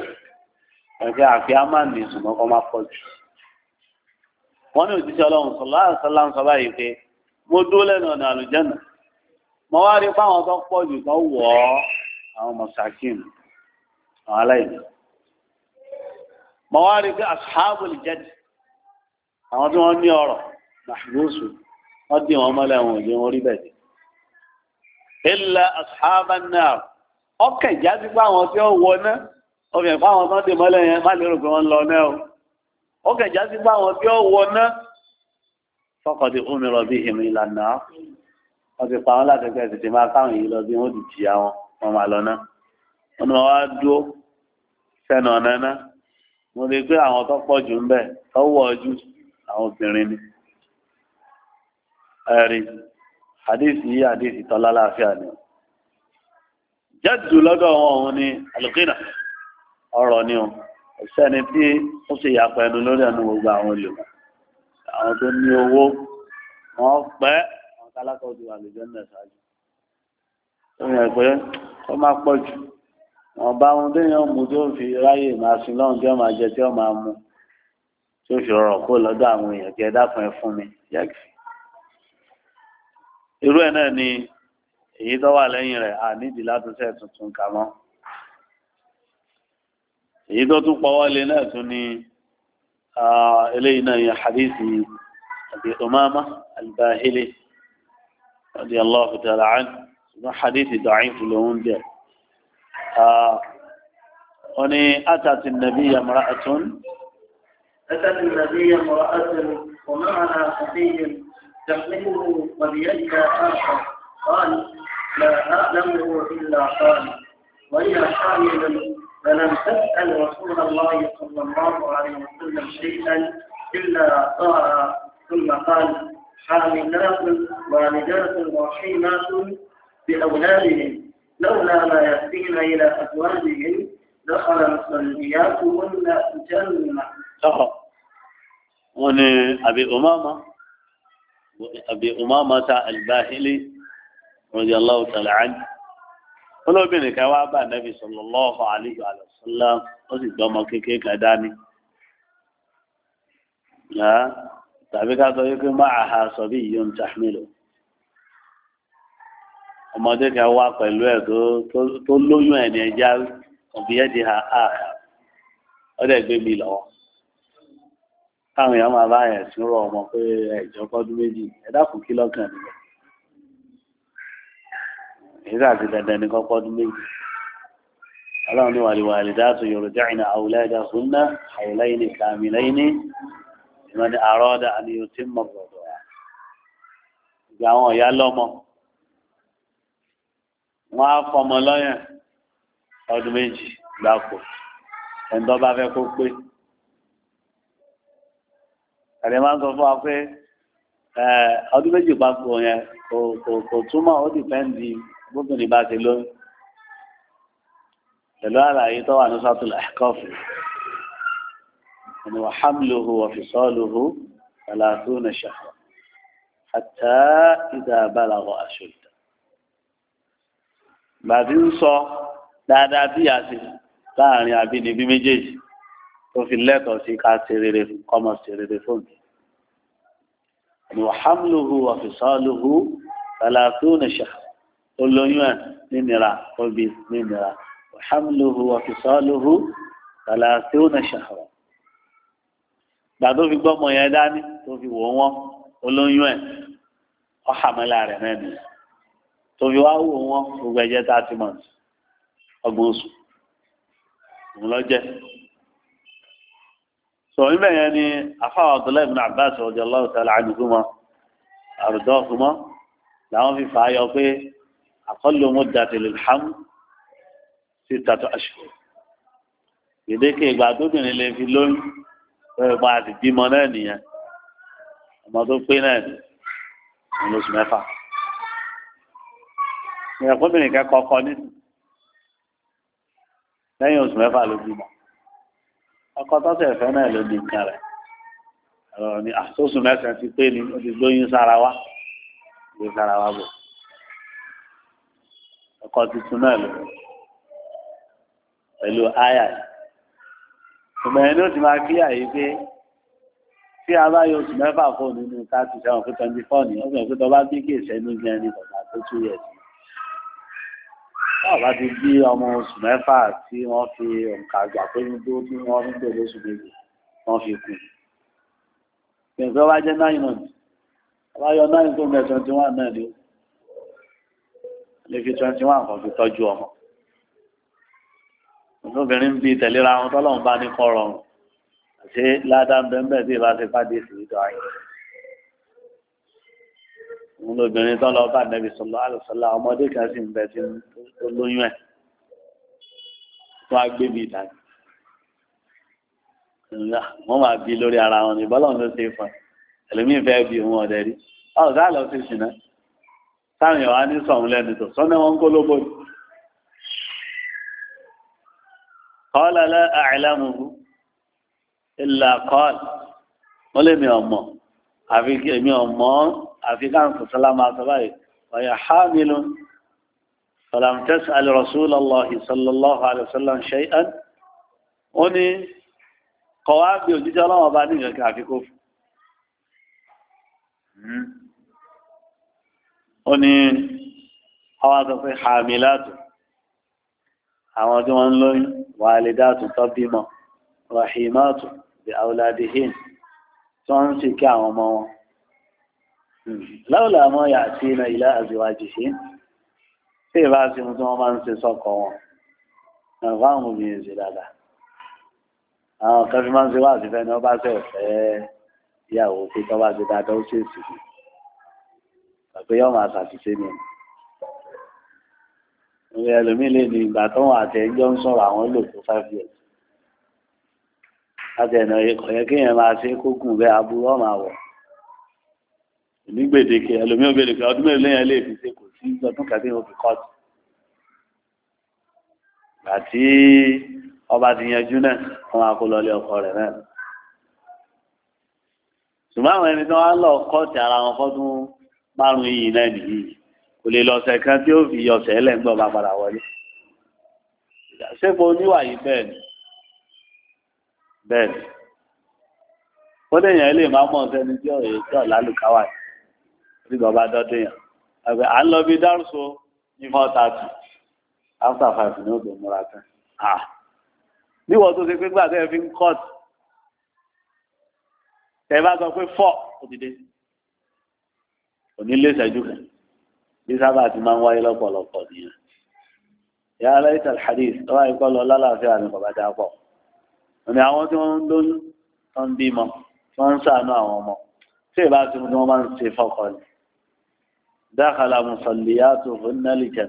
ẹgbẹ́ àfi amáàmì ìsùnmọ́ kọ́ máa pọ̀ jù wọ́n ní òjíṣẹ́ ọlọ́run sọ̀lá àṣálà ń sọ báyìí pé mo dúró lẹ́nu ọ̀nà àlùjẹ́nà mo wá rí fáwọn tó pọ̀ jù tó wọ̀ ọ́ àwọn mọ̀sákìn àwọn aláìní mọ wá rí pé ashabul jad àwọn tí wọ́n ní ọ̀rọ̀ mahbusu wọ́n dì wọ́n mọ́lẹ̀ wọn òye wọn rí bẹ́ẹ̀ illa ashaban nar ọkẹ ìjáde pé àwọn tí ó wọ náà ọbẹ̀ fún àwọn tó ń dè mọ́lẹ̀ yẹn má lérò pé wọ́n ń lọ náà o ọkẹ ìjáde pé tí ó wọ náà faqad umira bihim ila bí wọ́n ti jìyà mo lè pé àwọn tó pọ̀ jù ń bẹ̀ tọ́wọ́ ojú àwọn obìnrin ni ẹ̀rí àdéhìsì yí tọ́lá láàfíà ni jẹ́dù lọ́dọ̀ wọn òun ni alùkínà ọ̀rọ̀ ni o ìṣẹ́ni tí ó ṣe ìyàpọ̀ ẹnu lórí ẹnu gbogbo àwọn olùkọ́ àwọn tó ní owó wọn pẹ́ àwọn tálákọ̀ọ́ ti wà lójọ́ ṣáájú ó yẹ pé ó má pọ̀ jù wọn bá wọn téèyàn mú tí ó fi ráyè máa sin lọ́run tí ó máa jẹ tí ó máa mu tí ó fi rọrọ̀ kó lọ́dọ̀ àwọn èèyàn kí ẹ dákun ẹ fún mi yàgì. irú ẹ̀ náà ni èyí tó wà lẹ́yìn rẹ̀ ànídìí látúnṣe tuntun kà mọ́ èyí tó tún pọwọ́ lé náà tún ni eléyìí náà yẹn hadithi àti umama albahili radiyallahu ta'ala anhu ṣùgbọ́n hadithi da'if lòun jẹ́ آه، أني أتت النبي امرأة أتت النبي امرأة ومعها صبي تحمله وليدها آخر قال لا أعلمه إلا قال وهي حامل فلم تسأل رسول الله صلى الله عليه وسلم شيئا إلا أعطاها ثم قال حاملات والدات رحيمات بأولادهم لولا ما يهدينا الى ازواجهم دخل مصلياتهن جنه. هنا آه. ابي امامه ابي امامه الباهلي رضي الله تعالى عنه. ولو بينك وابا النبي صلى الله عليه وعلى وسلم قصد دوما كيكي داني لا تعبك هذا معها صبي تحمله ọmọdé kan wá pẹ̀lú ẹ̀ tó lóyún ẹ̀ ní ẹja òbíyẹ́ di ha á ọdẹ gbé mi lọ́wọ́ káwọn èèyàn máa bá yẹn sínú ọmọ pé ẹ̀jọ́ kọ́dún méjì ẹ̀dá kù kí lọ́kàn níbẹ̀ ìdá àti dandan ní kọ́kọ́ ọdún méjì aláwọn níwàlíwàlí dáàtò yorùbá ìnà àwùlẹ́dà húnná àwùlẹ́yìn kàmìlẹ́yìn ìmọ̀ ni àrọ́dà àníyàn tí mọ̀ gbọ̀dọ̀ ìgbà àwọn ọ̀yá lọ́mọ wọ́n á fọmọ lọ́yàn ọdún méjì gbáko ẹ̀ńdọ́ bá fẹ́ kó pé ẹ̀rẹ̀ máa ń sọ fún wa pé ọdún méjì gbáko yẹn kò túmọ̀ ó dìpẹ́ǹdì bóbìnrin bá ti lóyún pẹ̀lú àlàyé tó wà ní sátúlà ẹ̀kọ́fù ẹni wà hamluhu wà fisọ́luhu àlàáfíà ṣàfà àtà ìdá balagha ashud bàbí ń sọ dáadáa bí àti láàrin àbínibí méjèèjì tó fi lẹ́tọ̀ọ́ sí ká ṣe rere kọ́mọ ṣe rere fóònù. ni wàhámlùhù wàfìsọ́lùhù tàlàfíùnì ṣà olóyún ẹ̀ nínira obì nínira wàhámlùhù wàfìsọ́lùhù tàlàfíùnì ṣà. gbà tó fi gbọ́mọ yẹn dání tó fi wò wọ́n olóyún ẹ̀ ọ̀hàmẹ́lá rẹ̀ náà tóbi wá wò wọn gbogbo ẹ̀jẹ̀ thirty months ọgbọ̀n oṣù òun lọ jẹ́ sọ níbẹ̀ yẹn ni afáwọn Abdullahi ibn Abbas radiyallahu ta'ala anhuma àrùdọ́ọ̀fùmọ́ làwọn fi fàáyọ pé aqallu muddati lilham sittatu ashhur gbèdéke ìgbà tóbìnrin lè fi lóyún lórí pa àti bímọ náà nìyẹn ọmọ tó pé náà ní oṣù mẹ́fà ìyàkóbìnrin kẹ́kọ̀ọ́ kọ ní lẹ́yìn oṣù mẹ́fà ló bímọ ọkọ tọ́sẹ̀ ẹ̀fẹ́ náà ló di nǹkan rẹ̀ ọ̀rọ̀ ni àtúnṣù mẹ́sàn ti pé ni ó ti gbóyún sára wa gbé sára wa bò ọkọ tuntun náà ló pẹ̀lú àyà yìí ìgbà yẹn ó ti máa kíyà yìí pé tí a bá yọ oṣù mẹ́fà fóònù nínú ká ti sẹ́wọ̀n pé twenty four ni ó sì ń pé tó bá bí kì í sẹ́nu bí kọ̀ọ̀kan tó two years ni náà bá ti bí ọmọ oṣù mẹ́fà tí wọ́n fi òǹkà àgbà pé ní tó tí wọ́n ń bèrè oṣù méjì wọ́n fi kù. Ìgbẹ́ wá jẹ́ nine months. Ọba yọ nine tó mẹ́ twenty one náà ni ó. Lè fi twenty one kan fi tọ́jú ọmọ. Obìnrin ń bi tẹ̀léra wọn tọ́lọ́run bá ní kọ́ rọrùn. Àṣé ládàá ń bẹ́ńbẹ́ tí ìbá ti pàdé sí ìdọ̀ ayé òun lóbìnrin tó lọ bá nẹ́bí sọ̀lọ́ àlùsọ̀lá ọmọdé kan sì ń bẹ tí ó lóyún ẹ̀ tó á gbé mi dání. wọ́n máa bí lórí ara wọn ní bọ́lá ló ṣe fún ẹ ẹlòmíì fẹ́ bí òun ọ̀dẹ rí ọ̀rọ̀ sáà lọ sí ìṣìnà táwọn èèyàn á ní sọ̀hún lẹ́nu tó sọ́nà wọn kó lóbó ni. kọ́lá lẹ́ àìlámùbù ìlà kọ́ọ̀lù wọ́n lè mi ọ̀mọ̀ àfi èmi ọ̀mọ́ àfi káwọn sọ sọlá máa sọ báyìí wàyà hàmìlú sọlámtẹ́sì alìrọ̀súlọ́ lọ́hì sọlọ́lọ́hù alìsọ́lọ́m ṣẹ́yán ó ní kọ̀wá bí òjíjẹ́ ọlọ́wọ́ bá ní ìrẹ̀kẹ́ àfikó hmm. ó ní àwọn àtọ́fẹ́ hàmìlátù àwọn tí wọ́n ń lóyún wàlìdátù tó bímọ rahimatù Hmm. láwùlà àmọ́ yà sí iná ilá àzíwájú ṣe tí ìbá sí mú tí wọ́n máa ń ṣe sọ́kọ wọn ẹ̀fọ́ àwọn obìnrin ṣe dáadáa àwọn kan fi máa ń ṣe wáàsí fẹ́ ni wọ́n bá sẹ̀ fẹ́ ìyàwó pé tọ́ bá ṣe dáadáa ó ṣèṣì ni àpé yọ́ máa ṣàṣìṣe ni ìwé ẹlòmíì lè ní ìgbà tó wọn àti ẹjọ́ ń sọ̀rọ̀ àwọn lò tó five years láti ẹ̀nà ẹ̀kọ́ kéèyàn máa ṣe kókùn bẹ́ẹ̀ aburú ọ̀ máa wọ̀ ní gbèdéke ẹlòmí ò gbèdéke ọdún mẹ́rin lẹ́yìn lè fi ṣe kò sí ọdún kàdé òbí kọ́ọ̀tù àti ọba ti yanjú náà wọn á kó lọlé ọkọ rẹ̀ náà ṣùgbọ́n àwọn ẹni tí wọ́n á lọ kọ́ọ̀tù ara wọn fọ́dún márùn-ún yìí náà nìyí kò lè lọ ọ̀sẹ̀ kan tí ó fi ọ̀sẹ̀ ẹlẹ́gbọ̀n bá padà wọlé ṣépo oníwà yìí bẹ́ẹ̀ ni bẹ́ẹ̀ ni ó lè yàn ilé ìmáàmù ọ̀sẹ̀ ni tí ọ̀rẹ́ tí ọ̀làlùkáwà nígbà bá dọ́dún yẹn àgbẹ̀ à ń lọ bí dárúsọ ní four thirty after five ní odò múra tán ah níwọ̀n tó ṣe pé gbà tẹ́ ẹ fi ń cut tẹ́ ẹ bá sọ pé four òdìdé onílé ìṣẹ́jú kan bí sábà ti máa ń wáyé lọ́pọ̀lọpọ̀ nìyẹn yàrá láìsí alhadis ọba ikọ́ lọ lálàáfíà ní bàbá dá pọ̀ òní àwọn tí wọ́n ń lóyún wọ́n ń bímọ wọ́n ń ṣàánú àwọn ọmọ tí ìbá tí wọ́n máa ń ṣe fọ́kọ ni dákàlà mùsàlìyà tó fún nálìjẹ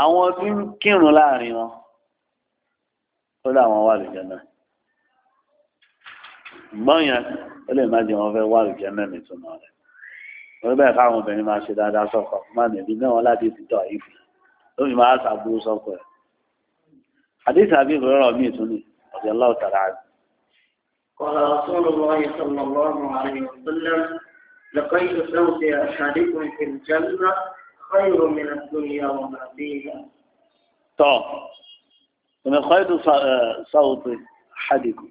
àwọn tí ń kírun láàrin wọn ó láwọn wà lìjẹ náà gbọ́nyàn ó lè má jẹ wọn fẹ́ wà lìjẹ náà nìtumọ̀ rẹ̀ wọ́n bẹ́ẹ̀ káwọn obìnrin máa ṣe dáadáa sọ́kọ̀ má nìbí náà wọn láti ti ìfì lómi máa ṣàbúrú sọ́kọ̀ rẹ̀ àdéhùn àbí ìrọ̀rọ̀ míì tún ni ọ̀dẹ̀ aláwọ̀ قال رسول الله صلى الله عليه وسلم لقيت صوتي أشاركهم في الجنة خير من الدنيا وما فيها طيب ومن خيط آه، صوت حدكم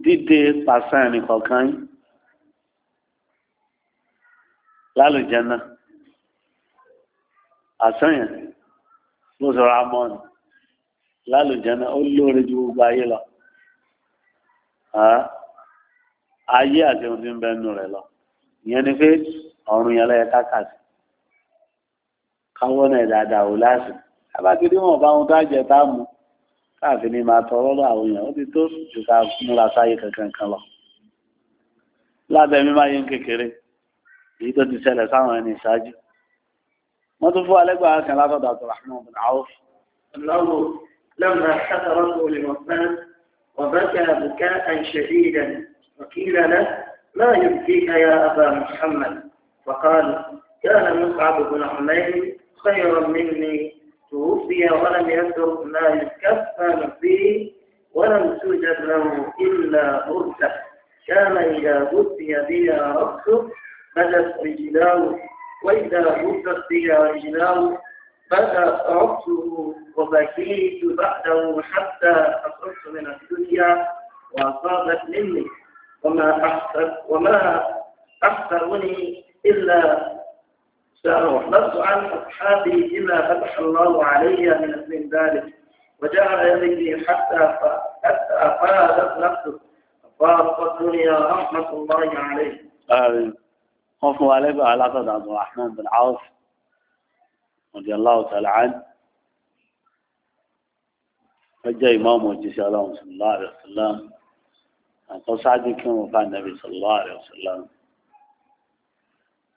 دي دي بعساني خلقاني لالو جنة عساني نوزر عمان لالو جنة قول له رجوع بايلا ها آه. ayé àti ohun tí ń bẹ nù rẹ̀ lọ ìyẹn ni pé ọ̀run yẹn lọ́yẹ kákàtì káwọ́ náà dáadáa ò láàsì abákidé wọn bá ohun tó àjẹ tá a mú káàfin ni máa tọrọ lọ àwọn èèyàn ó ti tó ju ká múra sáyé kankan kan lọ lábẹ́ mi máa yé ń kékeré èyí tó ti ṣẹlẹ̀ sáwọn ẹni ìṣáájú wọ́n tún fún alẹ́gbàá kan látọ̀dọ̀ àtọ̀ràmọ́ ọ̀bùn àwọ̀. lọ́wọ́ lọ́wọ́ sátọ̀rọ̀ kò lè wọ́n fẹ́ wọ́n bá kẹ́ àbùkẹ́ àìṣèlú ìdẹ̀nu. فقيل له ما يبكيك يا أبا محمد فقال كان مصعب بن عمير خيرا مني توفي ولم يترك ما يتكفل فيه ولم توجد له إلا برده كان إذا بثي بها رأسه بدت رجلاه وإذا بثت بها رجلاه بدأ رأسه وبكيت بعده حتى أخرجت من الدنيا وأصابت مني وما أحسر وما أحسرني إلا لست عن أصحابي إلا فتح الله علي من من ذلك وجعل يدي حتى حتى فازت نفسه فارق الدنيا رحمة الله عليه. آمين. خوف والد على قد عبد الرحمن بن عوف رضي الله تعالى عنه فجاء إمام وجيش الله صلى الله عليه وسلم àtọ́sáájú kí wọ́n bá nàbí sallallahu alaihi wasallam.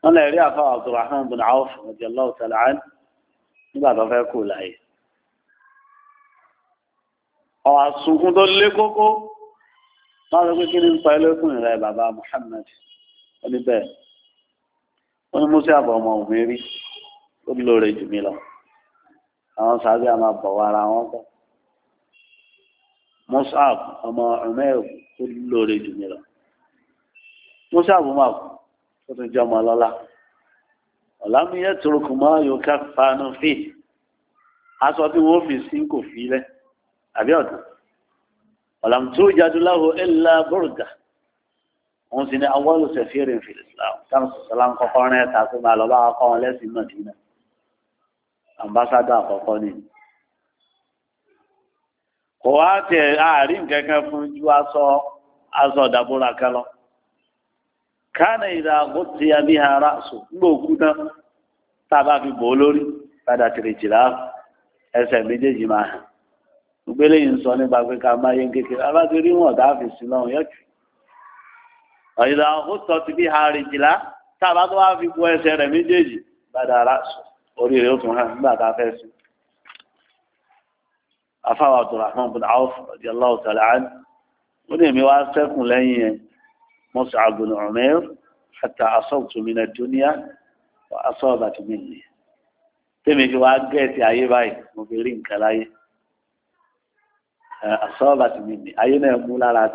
wọ́n lè rí àfa Abdurrahman bin Auf radiyallahu ta'ala anhu nígbà tó fẹ́ kú láyé. ọ̀rọ̀ àsunkún tó lé kókó wọ́n sọ pé kí ni ń pa ẹlẹ́kùn rẹ̀ bàbá bọ̀ wá wọn kọ́ Musa ọmọ ọmọ ẹ̀kú tó lóore jù mí lọ mo ṣàbò máa kú tó tún jẹ́ ọmọ ọlọ́lá ọ̀làmúyẹ torokù mọ́ yòókà fanu fi aṣọ tí wọ́n fi sí kò fi lẹ́ àbí ọ̀tún ọ̀làmùtú jadúláwò ẹ̀là bọ́rùdà òun sì ní awọ́lù sẹ̀fíìrì fìlì islam táwọn sọ̀sọ́lá ń kọ́kọ́ rẹ̀ tó máa lọ bá kọ́ wọn lẹ́sìn Mádínà àmbásádà àkọ́kọ́ nìyí. kò a tiẹ̀ àárín kankan fún ju aṣọ aṣọ kan lọ kánà ìdá àgùntì àbí ara sùn nígbà òkú náà tá bá fi bò ó lórí padà tèrè jìlá ẹsẹ̀ méjèèjì máa hàn gbélé yìí ń sọ nípa pé ká máa yé ń kékeré rí wọn sọ ti bí tá a bá bu ẹsẹ̀ méjèèjì padà ara sùn ó tún hàn nígbà a fẹ́ afáwà abdulrahman bin auf radiyallahu ta'ala an ó ní èmi wá sẹ́kùn lẹ́yìn ẹ̀ Mus'ab bin Umair hatta asabtu min ad-dunya wa asabat minni tẹ́mi fi wá gẹ̀ẹ́sì ayé báyìí mo fi rí nǹkan láyé asabat minni ayé náà mú lára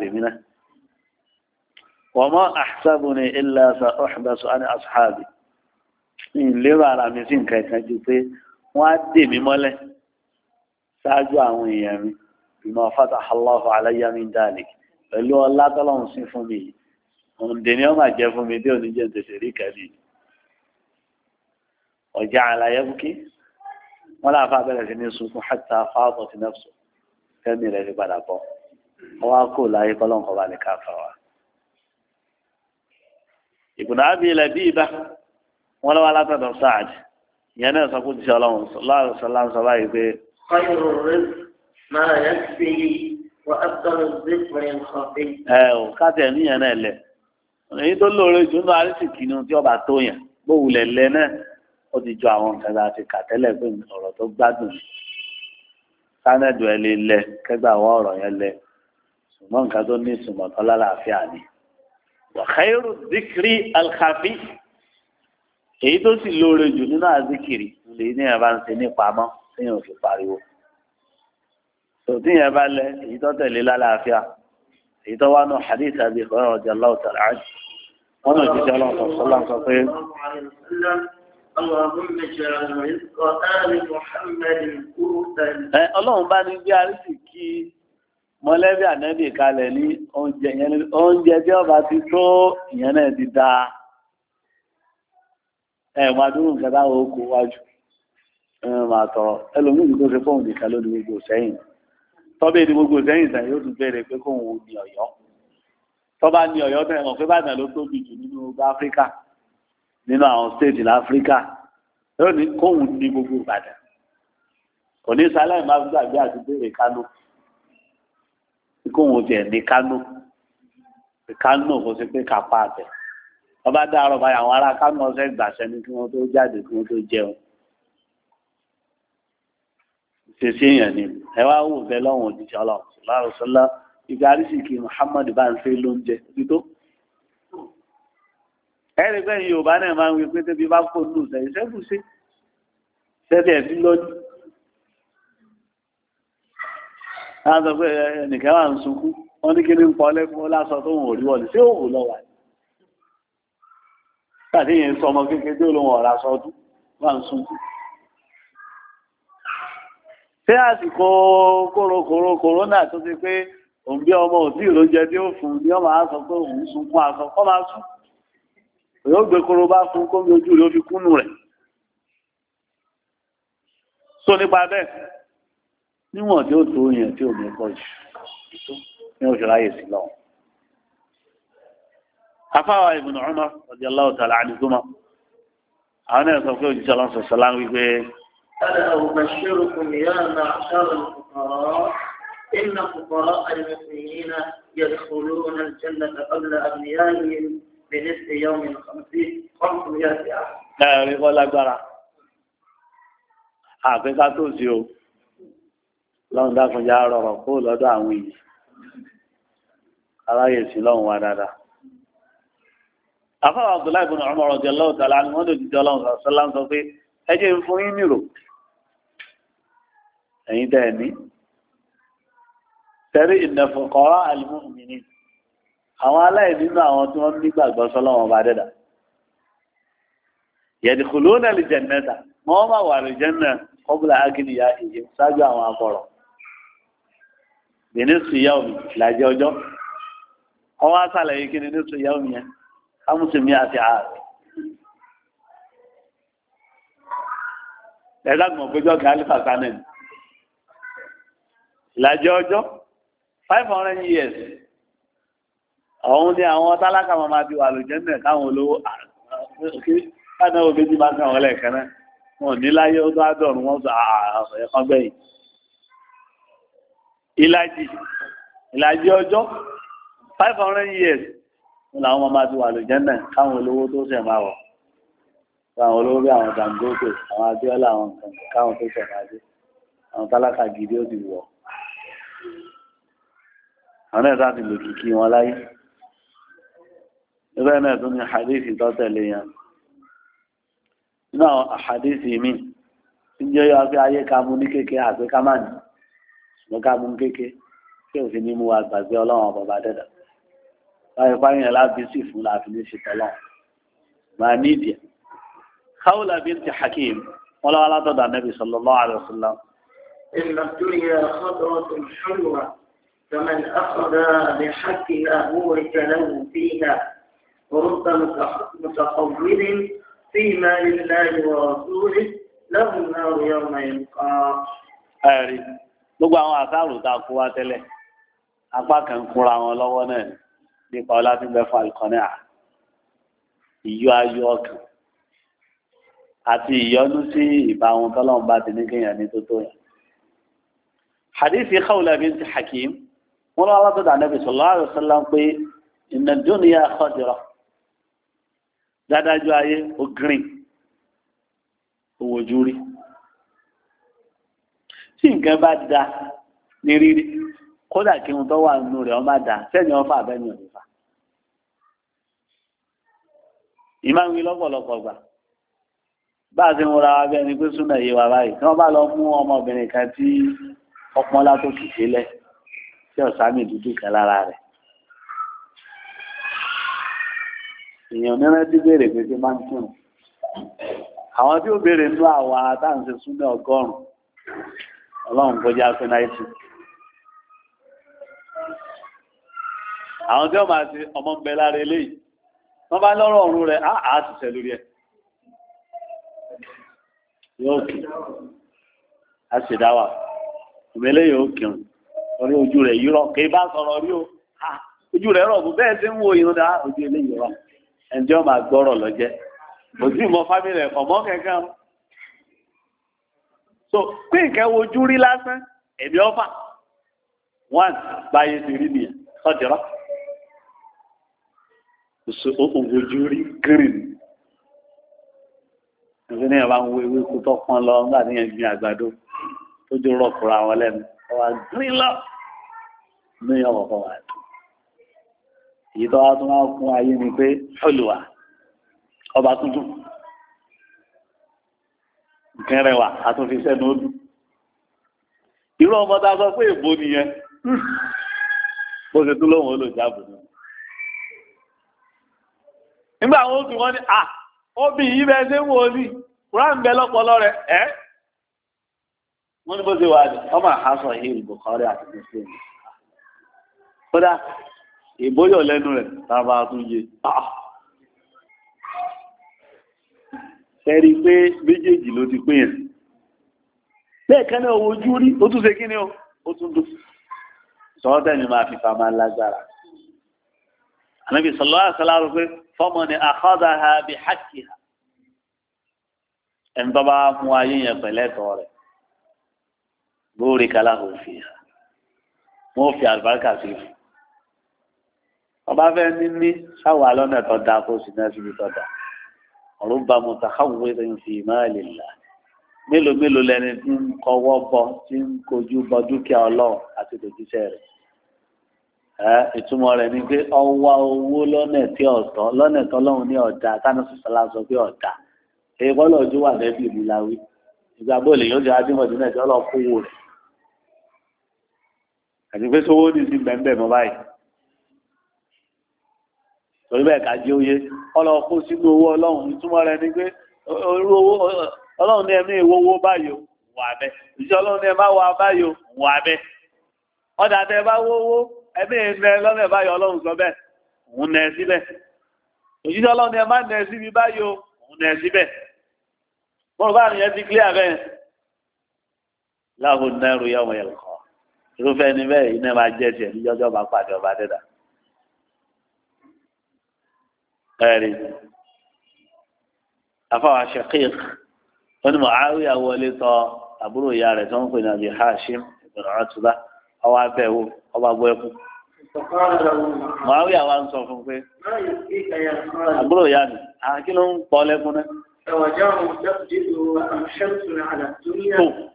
ṣáájú àwọn èèyàn mi bima fataha Allahu alayya min dhalik pẹ̀lú ọlá tọ́lọ́run sí fún mi òǹdè ni wọ́n máa jẹ́ fún mi bí oníjẹ́ tètè rí kẹ́lì ọ̀jà àlàyé bukí wọ́n láfa bẹ̀rẹ̀ sí ní sunkún hatta fáwọ́tọ̀ sí nafsu kẹ́mi rẹ̀ fi padà bọ̀ ọwọ́ kò láyé kọ́lọ́n kọ́ bá lè ká fà wá. Ibn Abi Labiba wọ́n lọ́wọ́ látọ̀dọ̀ Sa'ad ìyẹn náà sọ fún ti ọlọ́run sallallahu alaihi wasallam sọ báyìí pé خير الرزق ما يكفي وأفضل الذكر الخفي. ẹ ò kájẹ níyẹn náà lẹ èyí tó lóore jù nínú àrísìkì ni tí ọba tó yàn bóun lẹ lẹ náà ó ti jọ àwọn nǹkan tá a ti kà tẹ́lẹ̀ pé ọ̀rọ̀ tó gbádùn sánẹ́dù ẹ lè lẹ kẹgbà wá ọ̀rọ̀ yẹn lẹ ṣùgbọ́n nǹkan tó ní ìsùnmọ̀ tó lálàáfíà ni. wa khairu dhikri èyí tó sì lóore jù nínú àzíkiri lè ní ẹ̀ bá ń ṣe ní pamọ́ téèyàn fi pariwo tòtí yẹn bá lẹ èyí tó tẹ̀lé lálàáfíà èyí tó wá nù hadith àbí ìkọ́rọ̀ ọ̀jà láwùjọ àjù wọn nà jíjẹ ọlọ́run sọ sọlá sọ pé. ọlọ́run bá ní bí arísì kí mọ̀lẹ́bí ànẹ́bì kalẹ̀ ní oúnjẹ bí ọba ti tó ìyẹn náà ti dáa ẹ̀ wọ́n adúrú nǹkan táwọn ó kó wájú ẹran máa tọrọ ẹlòmíì tó ṣe fóun nìkan ló ní gbogbo sẹ́yìn tọ́bẹ̀ ní gbogbo sẹ́yìn tán yóò tún bẹ̀rẹ̀ pé kóun ò ní ọ̀yọ́ tọ́ba ní ọ̀yọ́ tán ẹ̀mọ̀ pé bàtàn ló tóbi jù nínú gbogbo áfíríkà nínú àwọn stéètì láfíríkà yóò ní kóun ní gbogbo ìbàdàn kò ní sáláì má gbàgbé àti béèrè kánò kóun tiẹ̀ ní kánò kánò kò sí pé kápá àtẹ ọba dá àrọ̀ báyà àwọn ará kánò ọ̀sẹ̀ gbàṣẹ ni kí wọ́n tó jáde kí wọ́n tó jẹun tẹ̀sí èèyàn ni ẹ wá wò bẹ́ẹ̀ lọ́wọ́n òjijì ọlọ́run sọláàrọ̀ sọlá ìgbà àríṣìkì Muhammad bá ń fẹ́ lóúnjẹ tító. ẹ rí bẹ́ẹ̀ Yorùbá náà máa ń wí pé tẹ́bí bá kó lù sẹ́yìn sẹ́kù sí sẹ́bí ẹ̀ fi lọ́dún. a sọ pé ẹnìkan wà ń sunkún wọ́n ní kí ní ń pọ́ lẹ́kún ó lásọ tó ń rí wọ̀lú sí òwò lọ́wọ́ ni. tàbí yẹn sọ ọmọ kékeré tó lóun ọ̀rá sọdún wà ń sunkún ṣé àsìkò kòròkòrò kòrónà tó ti pé òun bí ọmọ òtí ìròjẹ tí ó fún ni ọmọ aṣọ pé òun sunkún aṣọ kọ́ máa sùn yóò gbé koro bá fún kó mi ojú rẹ̀ fi kúnnù rẹ̀ so nípa bẹ́ẹ̀ níwọ̀n tí ó tó yẹn tí omi pọ̀ jù ní oṣù láyé sí lọ. afáwa Ibn Umar radiyallahu ta'ala anhuma àwọn náà pé òjíṣẹ́ ọlọ́sọ̀ọ́sọ láwọn wípé ألا أبشركم يا معشر الفقراء إن فقراء المسلمين يدخلون الجنة قبل أبنيائهم بنصف يوم خمسين خمسمائة عام. لا يقول ولا قرا. àfikà tó ṣe o lọ́run dákun já rọrọ̀ kó lọ́dọ̀ àwọn èèyàn aláyè sí lọ́run wa dáadáa. afáwọn abdullahi bin umar radiyallahu ta'ala ni wọ́n lè jíjọ́ lọ́run sọ́lá ń sọ pé ẹ jẹ́ ń fún yín nírò ẹ̀yin tẹ́ ní tẹ́rí ìnẹ̀fọ̀kọ́rọ́ àlùmọ́ọ̀mìnì àwọn aláìní nínú àwọn tí wọ́n nígbàgbọ́ sọ́lọ́wọ́n bá dẹ́dà yẹ̀dìkùlù náà lè jẹ̀nẹ́ta wọ́n máa wà lè jẹ́nà kọ́bùlà ákìníyà èyí ṣáájú àwọn akọ̀rọ̀ bìnní sùn yá omi ìlàjẹ ọjọ́ ọwọ́ àṣàlàyé kí ni ní sùn yá ìlàjì ọjọ́ five hundred years ọ̀hún ni àwọn tálákà máa máa fi wà lójẹ́ńdẹ̀ káwọn olówó káàdà òbí ti máa ń kàwọn lẹ́ẹ̀kan náà wọn ní láyé ó tó àádọ́rùn wọn sọ ah, ẹ̀kan gbẹ̀yìn ìlàjì ìlàjì ọjọ́ five hundred years ní làwọn máa ti wà lójẹ́ńdẹ̀ káwọn olówó tó sẹ̀ máa wọ̀ àwọn olówó bí àwọn Dangote àwọn Abíọ́lá àwọn nǹkan káwọn tó sẹ̀ máa dé àwọn tálákà gidi ó ti wọ̀ àwọn ẹ̀dá ti lò kìkì wọn láyé ìrẹ́ náà tó ní hadith tó tẹ̀lé yẹn nínú àwọn hadith mi ń jẹ́ yọ pé ayé ká mú ní kéke àti ká má ní ṣùgbọ́n ká mú kéke tí ò fi ní mú wa gbàgbé ọlọ́run bàbá dẹ́dà báyìí fáyìn láti sì fún láti ní ṣe tọ́lọ́run máa ní ìdí Khawla binti Hakim wọn lọ́wọ́ látọ̀dọ̀ Ànábì sallallahu alaihi wasallam إن الدنيا خضرة حلوة فمن أخذ بحق بورك له فيها ورد متقول فيما لله ورسوله له النار يوم يلقاه ẹ̀rí gbogbo àwọn àtàrò tá a kó wá tẹ́lẹ̀ apá kan kúnra wọn lọ́wọ́ náà nípa ọlá tí ń à ìyọ ayọ̀ ọkàn àti ìyọnu sí ìbáwọn tọ́lọ́run ti ní kéèyàn ní tó yẹn hadithi khawla binti hakim wọ́n lọ́wọ́ látọ̀dọ̀ ànábì sallallahu alaihi wasallam pé inna dunya khadira dádájú ayé ogirin owó ojú rí tí nǹkan bá da ní rírí kódà kí wọn tó wà nínú rẹ̀ wọn bá da sẹ́ni wọn fà bẹ́ẹ̀ ni wọn fà ìmáwí lọ́pọ̀lọpọ̀ gbà bá a ti múra wa bẹ́ẹ̀ ni pé súnà yé wa báyìí tí wọ́n bá lọ mú ọmọbìnrin kan tí ọpọlá tó sì délẹ̀ tí ọ̀sámì dúdú kan lára rẹ̀. èèyàn mẹ́rin ti béèrè pé tí máa ń kírun àwọn tí ó béèrè ń lọ àwa táǹsì súnmọ́ ọgọ́rùn-ún ọlọ́run kọjá sí náìtì àwọn tí wọ́n máa ti ọmọ ń bẹ lára eléyìí wọ́n bá lọ́rọ̀ ọ̀run rẹ̀ á sì sẹ́ lórí ẹ̀ yóò kì á sì ìmẹ́lẹ́ yóò kírun orí ojú rẹ̀ yírọ̀ kì í bá sọ̀rọ̀ rí o ojú rẹ̀ rọ̀ kó bẹ́ẹ̀ ti ń wo ìrún dá ojú eléyìí rọ̀ ẹnjọ́ máa gbọ́rọ̀ lọ́jẹ́ kò sí ìmọ̀ fámìlì ẹ̀kọ́ mọ́ kẹ̀kẹ́ o so pé nǹkan wojú rí lásán ẹ̀mí ọ̀fà one báyé ti rí nìyẹn ọ̀dẹ̀rọ̀ òwojú rí green ìfúnni ẹ̀ bá ń wo ewéko tó pọn lọ nígbà tí yẹn gbin àgbàdo ojú rọ̀ fúra wọn lẹ́nu ọwọ́ gírí ní ọwọ́ ayé ni pé olùwà ọba tuntun nǹkan rẹwà àtúnfi sẹ́nu irú ọmọ tá a sọ pé èbó nìyẹn bó ṣe tún ni nígbà àwọn oṣù wọn ni ó bí yí wọ́n ní bó ṣe wà ní ọmọ àhásọ yìí Bukhari àti Muslim kódà ìbóyọ̀ lẹ́nu rẹ̀ tábà tún yé ẹ̀rí pé méjèèjì ló ti pín yẹn lẹ́ẹ̀kan náà ojú rí ó tún ṣe kí ni ó tún dùn sọ́ọ́dẹ̀ ni máa fi fa máa lágbára ànábì sọ̀lọ́ àṣàlá rò pé fọ́mọ ni àkọ́dà ha bí hákì ha ẹ̀ ń bá bá mú ayé yẹn pẹ̀lẹ́tọ̀ rẹ̀ lórí kala kò fi hàn wọn fi àlùbáríkà sí i ọba fẹ́ níní sáwà lọ́nà tó dáa kó sì náà síbi tó dáa ọ̀rọ̀ bá mo ta káwé tó ń fi máa lè là mélòó mélòó lẹni tí ń kọwọ́ bọ tí ń kojú bọ dúkìá ọlọ́run àti tòjíṣẹ́ rẹ̀ ìtumọ̀ rẹ̀ ni pé ọwọ́ owó lọ́nà tí ọ̀tọ̀ lọ́nà tí ọlọ́run ní ọ̀dà tánà sọ̀sọ́lá sọ pé ọ̀dà èyí kọ́ lọ́jọ́ wà lẹ́bí ìlú láwí ìgbàgbọ́ lèyìn ó jẹ́ adímọ̀dé náà tí kówó rẹ̀ àti pé sówó ní sí bẹ́ẹ̀ mọ́ báyìí torí bẹ́ẹ̀ ká jẹ́ oyé ọlọ́run kó sínú owó ọlọ́run ìtumọ̀ rẹ̀ ni pé ọlọ́run ní ẹ̀mí ìwọ owó báyìí wà bẹ́ ìṣẹ́ ọlọ́run ní ẹ̀má wà báyìí wà bẹ́ ọ̀dà tẹ́ bá wówó ẹ̀mí ìnẹ lọ́nà báyìí ọlọ́run sọ bẹ́ẹ̀ òun nẹ síbẹ̀ láhùn náírà yà wọ̀ irúfẹ́ ni bẹ́ẹ̀ iná máa jẹ́ tiẹ̀ níjọ́jọ́ máa pàdé ọba dẹ́dà. ẹ̀rí afáwa shaqiq ó ní Muawiya wọlé tọ àbúrò ìyá rẹ̀ tó ń pè ní Abi Hashim ibn Utba ọwọ́ abẹ́wò ọba gbọ́ ẹkú. Muawiya wá ń sọ fún pé àbúrò ìyá mi àkí ló ń pọ̀ lẹ́kún náà.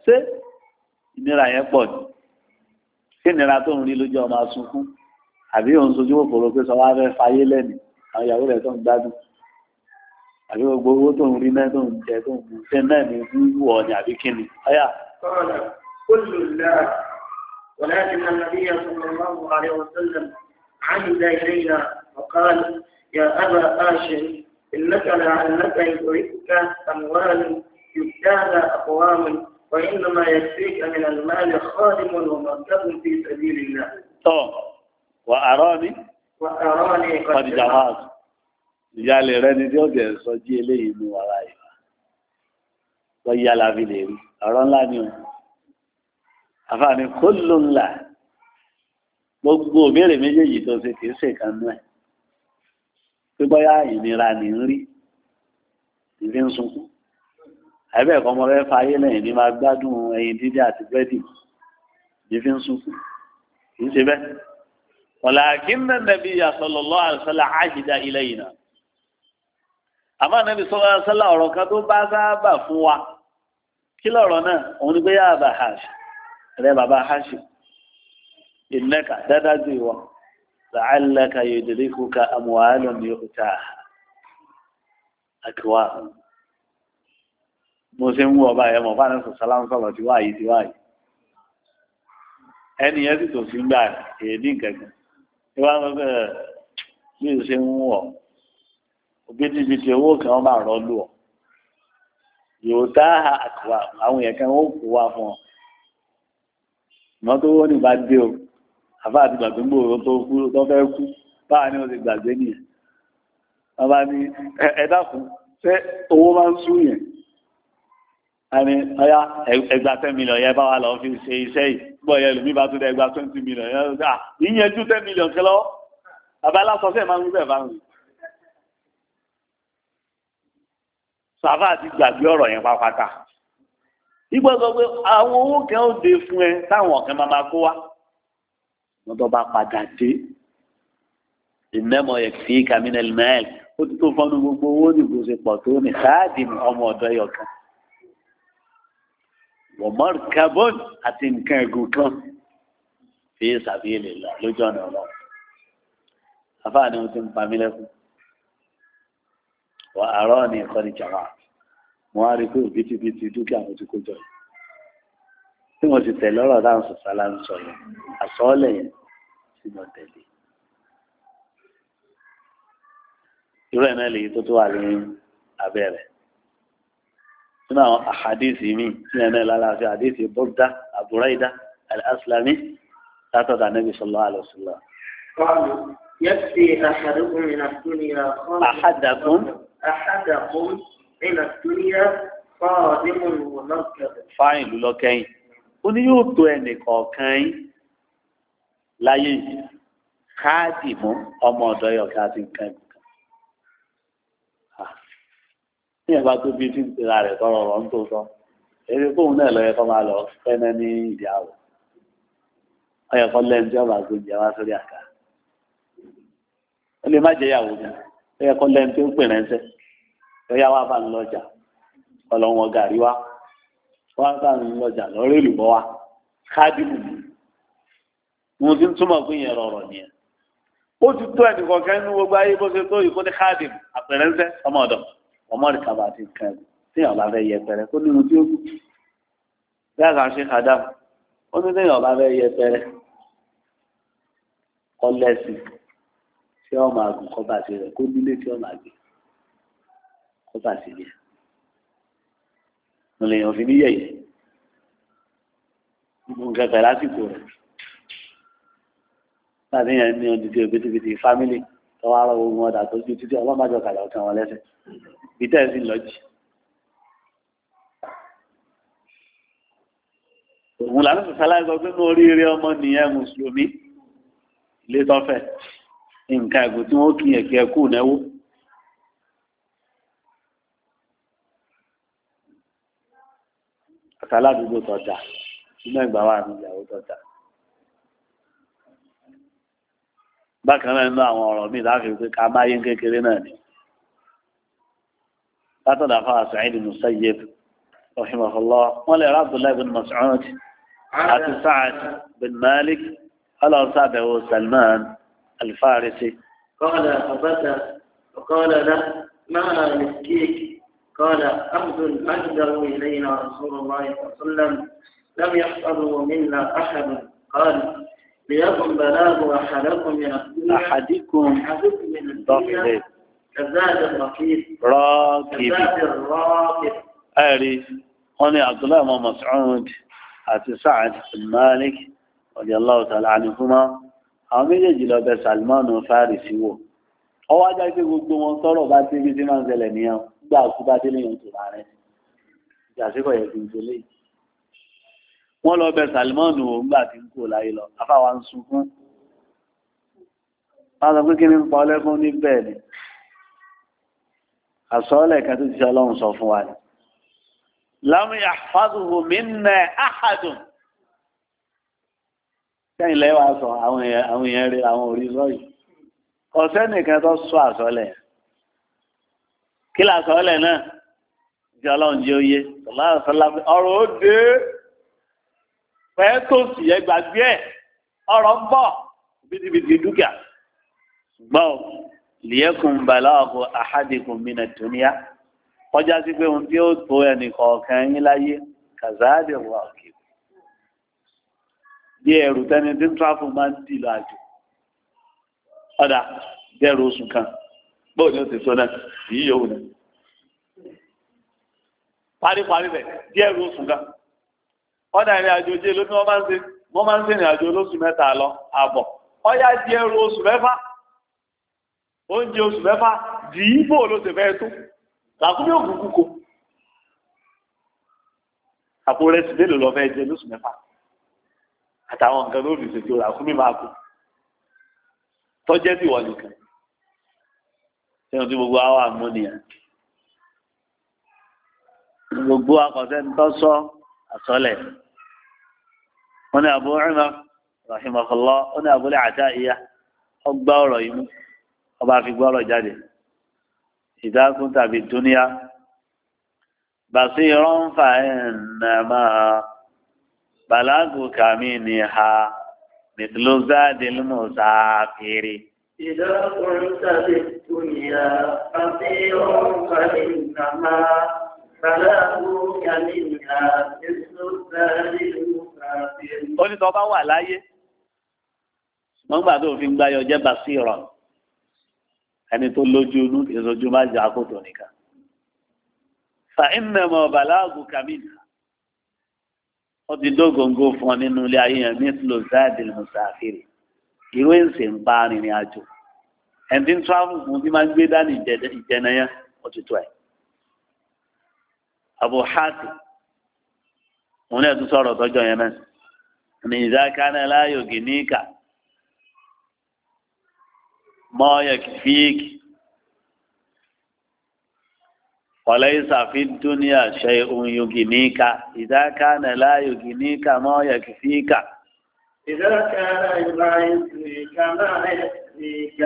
ṣé ìnira yẹn pọ̀ ni kí nira tó ń rí lójú ọmọ asunkún àbí òun sojú òkòrò pé sọ wá fẹ́ fayé lẹ́nu àwọn ìyàwó rẹ̀ tó ń gbádùn àbí gbogbo owó tó ń rí náà tó ń jẹ tó ń mú ṣe náà ní wíwú ní àbí kíni. ọyà. ولكن النبي صلى الله عليه وسلم وإنما يكفيك من المال خادم ومركب في سبيل الله طب وأراني وأراني قد جواز ìyáálé rẹ ni tí ó jẹ sọ jí eléyìí mú ara ìwà wọn yá láfi lè rí ọ̀rọ̀ ńlá ni o àfààní kó ńlá gbogbo òbéèrè méjèèjì tó ṣe kìí ṣe kan náà pé bóyá ìnira ni ń rí ìdí ń sunkún àbẹ́ ẹ̀kọ́ ọmọ rẹ̀ fayé lẹ́yìn ní máa gbádùn ẹyin dídí àti búrẹ́dì ní fi ń sunkún kì í ṣe bẹ́ẹ̀. walakin nàbí sallallahu ilẹ̀ yìí náà. àmọ́ ọ̀rọ̀ kan tó bá sábà fún wa kí náà òun ni pé rẹ bàbá ìnẹ́ka dáadáa mo ṣe ń wú ọba ẹ̀ mọ̀ fáwọn ẹ̀sùn sálá ń sọ̀rọ̀ ti wáyé ti wáyé ẹni yẹn sì tó sí gbà èdè kankan ìwà ń bẹ bí o ṣe ń wú ọ òbítíbitì owó kan wọn bá rọ lù ọ yóò dá àkùwà àwọn yẹn kan ó kó wa fún ọ mọ́tò owó bá dé o àfa àti gbàgbégbò tó kú tó fẹ́ kú báwa ni o ti gbàgbé nìyẹn wọn bá ní ẹ ṣé owó máa ń sú yẹn ẹni ọyá ẹgbà ten million yẹn bá wà lọ fi ṣe iṣẹ́ yìí gbọ́ yẹn lómi bá tún dẹ ẹgbà twenty million yẹn lọ ah, ìyẹn ju ten million kẹlọ bàbá aláṣọṣẹ máa ń wí bẹ́ẹ̀ bá ń wí. sàfà ti gbàgbé ọ̀rọ̀ yẹn pápátá ìgbà sọ pé àwọn owó kan ó de fún ẹ táwọn ọ̀kan máa máa kó wa wọn tó bá padà dé ìnẹ́mọ̀ yẹ fi kàmínẹ́lì mẹ́ẹ̀lì ó ti tó fọ́nú gbogbo owó nìgbò ṣe pọ̀ tó ní káàdì ọmọ ọ̀dọ́ yọ̀kan wọ̀mọ́rì carbon àti nǹkan ẹ̀gùn kan fi sàbí ilẹ̀ lọ lójú ọ̀nà ọ̀nà afáà ni mo ti ń pa mí lẹ́kùn wọ àárọ̀ ni ẹ̀kọ́ ni jàmá mo wá rí pé òbítíbitì dúkìá mo ti kó jọ tí mo ti tẹ̀lé ọ̀rọ̀ dáhùn sọ̀sálà ń yẹn àsọ́ọ̀lẹ̀ yẹn tí mo tẹ̀lé irú ẹ̀ náà lèyí tó tó wà ní abẹ́rẹ́ nínú àwọn àhàdíìsì mi tí ẹ̀ náà lálàáfíà àdíìsì bọ́dá àbúráìdá al-aslami látọ̀dá nẹ́bí sọlọ́ àlọ́sọlọ́. yẹ́sì àhàdàkùn ìnà dúnìyà kọ́ àhàdàkùn àhàdàkùn ìnà dúnìyà kọ́ ọ̀dẹ́mùn wọ̀lọ́kẹ́. fáyìn ló lọ ó ní yóò tó ẹnì kọ̀ọ̀kan yín láyé yìí káàdì mú ọmọ ọ̀dọ́ yọ̀ọ̀ká ti ń kẹ́yìn. ní ẹ̀bá tó bí tí ń tira rẹ̀ tọrọ ọ̀rọ̀ ń tó sọ eré fóun náà lọ yẹ kó máa lọ fẹ́nẹ́ ní ìdí àwọ̀ ọ yẹ kó lẹ́nu tí ọba tó jẹ wá sórí àga ó lè má jẹ ìyàwó mi ó yẹ kó lẹ́nu tí ó pè rẹ́ńsẹ́ ó yá wá bá ń lọ́jà ọlọ́wọ́n gàrí wá wá bá ń lọ́jà lọ́rẹ́ ìlúbọ́ wa kádìmù mi mo ti ń túmọ̀ pé yẹn rọrọ̀ nìyẹn ó ti tó ẹnì kọ̀ọ̀kan nínú gbogbo ayé bó ṣe tó ìkó ọmọ ìkàbà àti nǹkan ẹ̀bùn tí èèyàn bá fẹ́ yẹpẹrẹ kó nínú tí ó kù bí àgbà ṣe kàdá ó ní tí èèyàn bá fẹ́ yẹpẹrẹ kọlẹ́sì tí ó máa gùn kọ́ bàtì rẹ̀ kó nílé tí ó máa gbé kọ́ bàtì rẹ̀ mo lè yàn fi ní yẹ̀yẹ̀ mo ń kẹfẹ́ lásìkò rẹ̀ láti yẹn ní odidi òbítíbitì fámílì tọ́wọ́ àrọ̀ ogun ọ̀dà tó ju títí ọlọ́mọdé ọ̀kadà ọ̀tàn wọn bí tẹ́sí lọ́jì. òun làwọn sọ̀sálà sọ pé mo rí eré ọmọ nìyẹn mùsùlùmí ilé tọ́fẹ̀ nǹkan ẹ̀gbọ́n tí wọ́n kì í ẹ̀kẹ́ kù náwó. àtàládùúgbò tọ́jà nínú ìgbà wà ní ìyàwó tọ́jà. bákan náà nínú àwọn ọ̀rọ̀ míì láfi pé ká máyé kékeré náà ni. هذا قال سعيد بن سيد رحمه الله ولا عبد الله بن مسعود عبد سعد بن مالك هل أصابه سلمان الفارسي قال فبكى وقال له ما يبكيك قال أبذل مجده إلينا رسول الله صلى الله عليه وسلم لم يحفظوا منا أحد قال ليكن بلاغ أحدكم من أحدكم أحدكم من الدنيا rọ́ọ̀kìbì ẹ̀rí wọ́n ní abdullahi ọmọ mas'ud àti sa'ad malik radiyallahu ta'ala anhuma àwọn méjèèjì lọ bẹ salman farisi wò ó wá já pé gbogbo wọn tọrọ bá dé bí máa ń ṣẹlẹ̀ nìyẹn gbà kú bá dé lẹ́yìn tó bá rẹ ìjà síkọ̀ yẹ kí n tó léyìí tí àsọ́ọ́lẹ̀ kan tó ti ṣe ọlọ́run sọ fún wa ni lam yahfazuhu minna ahadun sẹ́yìn lẹ́wà sọ àwọn èèyàn rẹ̀ àwọn orí sọ́yì ọ̀sẹ́ nìkan tó sọ àsọ́ọ́lẹ̀ kí là sọ́ọ́lẹ̀ náà ti ọlọ́run jẹ́ oyé ọ̀rọ̀ ó dé pẹ́ẹ́ tó sì yẹ gbàgbé ẹ̀ ọ̀rọ̀ ń bọ̀ bìtìbìtì dúkìá gbọ́n liyekun balaahu ahadikum mina dunia kọjá sí pé ohun tí ó tó ẹnì kọ̀ọ̀kan yín láyé kàzáàdì wà òkè bí ẹrù tẹni tí ń tráfù máa ń dì lọ àjò ọ̀dà bẹ́ẹ̀rù oṣù kan bóun ni ó ti tó náà yìí yóò náà paríparí rẹ̀ bẹ́ẹ̀rù oṣù kan ọ̀dà ìrìn àjò jẹ́ ló wọ́n máa ń ṣe wọ́n máa ń ṣe ìrìn àjò olóṣù mẹ́ta lọ àbọ̀ ọ̀yá jẹ́ oṣù mẹ́fà oúnjẹ oṣù mẹ́fà dì í bò ló ṣe fẹ́ tó làkúnmí òkùnkù kò àpò rẹ̀ sì mélòó lọ fẹ́ jẹ lóṣù mẹ́fà àtàwọn nǹkan ló fìṣe tí làkúnmí máa kú tọ́jẹ́ sì wọ̀ nìkan ṣéun tí gbogbo àwọn àmúnìyàn gbogbo akọ̀sẹ́ ń tọ́ sọ àsọlẹ̀ wọn ni àbúrò rẹ̀ rahimahullah wọn ni àbúrò àtà ìyá ọgbà ọ̀rọ̀ yìí ọba fi gbọ́rọ̀ jáde ìdákun tàbí dúníà bàṣẹ ìrọ́nfà ẹ̀nàmá bàlágù kàmí ni ha mìtìlózáàdì lùmùsáfìrì. ìdákun tàbí dúníà bàṣẹ ìrọ́nfà ẹ̀nàmá bàlágù kàmí ni ha mìtìlózáàdì lùmùsáfìrì. ó ní sọ bá wà láyé wọ́n gbà tó fi ń gbáyọ̀ jẹ́ bàṣẹ ìrọ̀rùn ẹni tó lójú inú ìsojú má jẹ àkótó nìkan fa ìmẹ̀mọ̀ bàlágù kàmínà ó ti dógóńgó fún ọ nínú ilé ayé yẹn mithlo zadil musafiri ìró èsè ń bá arìnrìn àjò ẹni tí ń tíráfù fún bí máa ń gbé dání ìjẹnà yẹn òtútù ẹ Abu Hatim òun náà tún sọ̀rọ̀ tọ́jọ́ yẹn náà ní ìdákaná láyò gìníkà. ما يكفيك وليس في الدنيا شيء يغنيك إذا كان لا يغنيك ما يكفيك إذا كان لا يغنيك ما يكفيك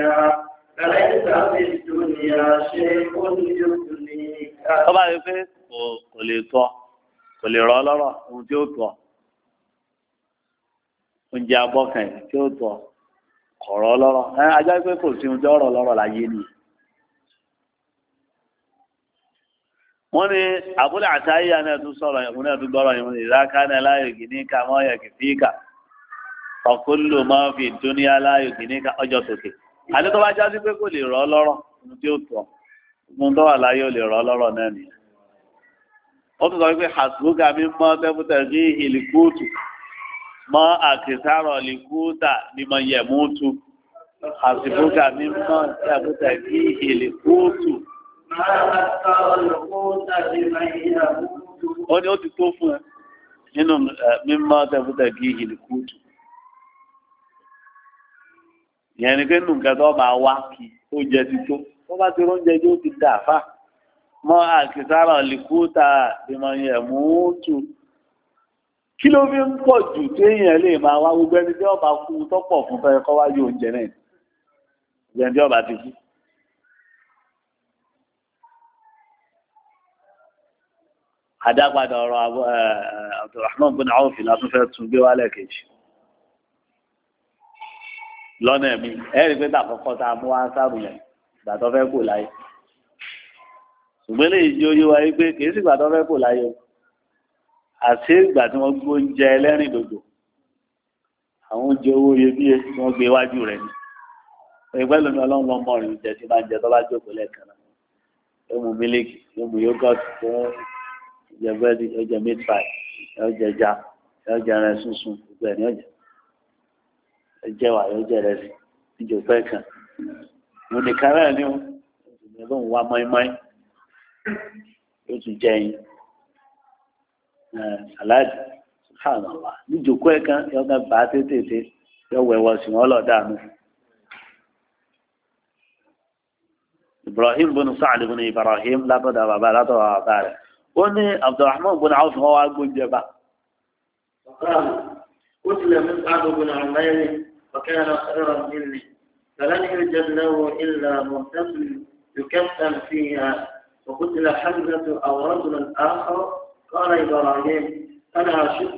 فليس في الدنيا شيء يغنيك طبعا يفهم قل يطوع قل يرى لرى وانت يطوع oúnjẹ abọ́kàn tí ó tọ̀ ọ̀rọ̀ ọlọ́rọ̀ ẹ ajá pé kò sí oúnjẹ ọ̀rọ̀ ọlọ́rọ̀ láyé ni. wọ́n ní abúlé àtàyà náà tún sọ̀rọ̀ ìhun náà tún gbọ́rọ̀ ìhun ìdáká náà láyò gíní ká mọ́ ọ̀yà kìfíkà ọ̀kúlù máa fi dúníà láyò gíní ká ọjọ́ sókè. àti tó bá já sí pé kò lè rọ́ ọlọ́rọ̀ ohun tí ó tọ̀ ohun tó wà láyé ò lè rọ́ ọlọ́rọ̀ náà nìyẹn. ó tún sọ pé hasbuka mi mọ́ tẹ́fútẹ́ sí ìlú kóòtù mọ́ àkìsárọ̀ lè kúta ni mo yẹ̀ mú tu àsìkúta mi mọ́ ìyàbúta kí èlé kóòtù. ó ní ó ti tó fún ẹ nínú mímọ́ tẹ̀fútẹ̀ kí èlé kóòtù. ìyẹn ni pé nù nǹkan tó máa wá kí oúnjẹ ti tó wọ́n bá ti róúnjẹ yóò ti dà fà mọ́ àkìsárọ̀ lè kúta ni mo yẹ̀ mú tu kí ló fi ń pọ̀ jù tí èèyàn lè máa wá gbogbo ẹni tí ọba kú tó pọ̀ fún fẹ́ kọ́ wáyé oúnjẹ náà ìyẹn tí ọba ti kú. àdápadà ọ̀rọ̀ Abdulrahman bin Awf la tún fẹ́ tún gbé wálẹ̀ kejì lọ́nà mi ẹ̀rí pé tàkọ́kọ́ tá a mú wá sáàbù yẹn ìgbà tó fẹ́ kò láyé ṣùgbọ́n lè yí oyé wa yí pé kì í sì gbà tó fẹ́ kò láyé o àti ìgbà tí wọ́n gbé oúnjẹ ẹlẹ́rìn dòdò àwọn oúnjẹ owó iyebíye tí wọ́n gbé iwájú rẹ̀ ni ẹgbẹ́ lómi ọlọ́run lọ mọ̀rin jẹ tí bá ń jẹ tó bá jókòó lẹ́ẹ̀kan náà yóò mú mílíkì yóò mú yógọ́tì fún ẹjẹ búrẹ́dì ẹjẹ mítfàì ẹjẹ ẹja ẹjẹ ẹran sunsun gbogbo ẹ̀ ní ọ̀jẹ̀ ẹjẹ wà ẹjẹ rẹ sí ẹjẹ òpẹ́ kan mo nìkan rẹ̀ ni ó ẹ̀dùn mi lóun tún jẹ ẹyin. aláàdì sùkàlọ́wà níjókòó ẹ̀ kan yọ kan bá tètè yọ wẹ̀wọ̀ sí wọn lọ́dàánú. ibrahim bin sa'ad bin ibrahim látọ̀dọ̀ bàbá látọ̀dọ̀ bàbá rẹ̀ ó ní abdulrahman bin awf wọn wá gbóúnjẹ bá. ó tilẹ̀ mú sáàdù bin ọ̀mẹ́rin ọ̀kẹ́ ẹ̀rọ sọ̀rọ̀ nílì فلن يوجد له إلا مغتسل يكفن فيها وقتل حمزة أو رجل آخر قال إبراهيم أنا أشك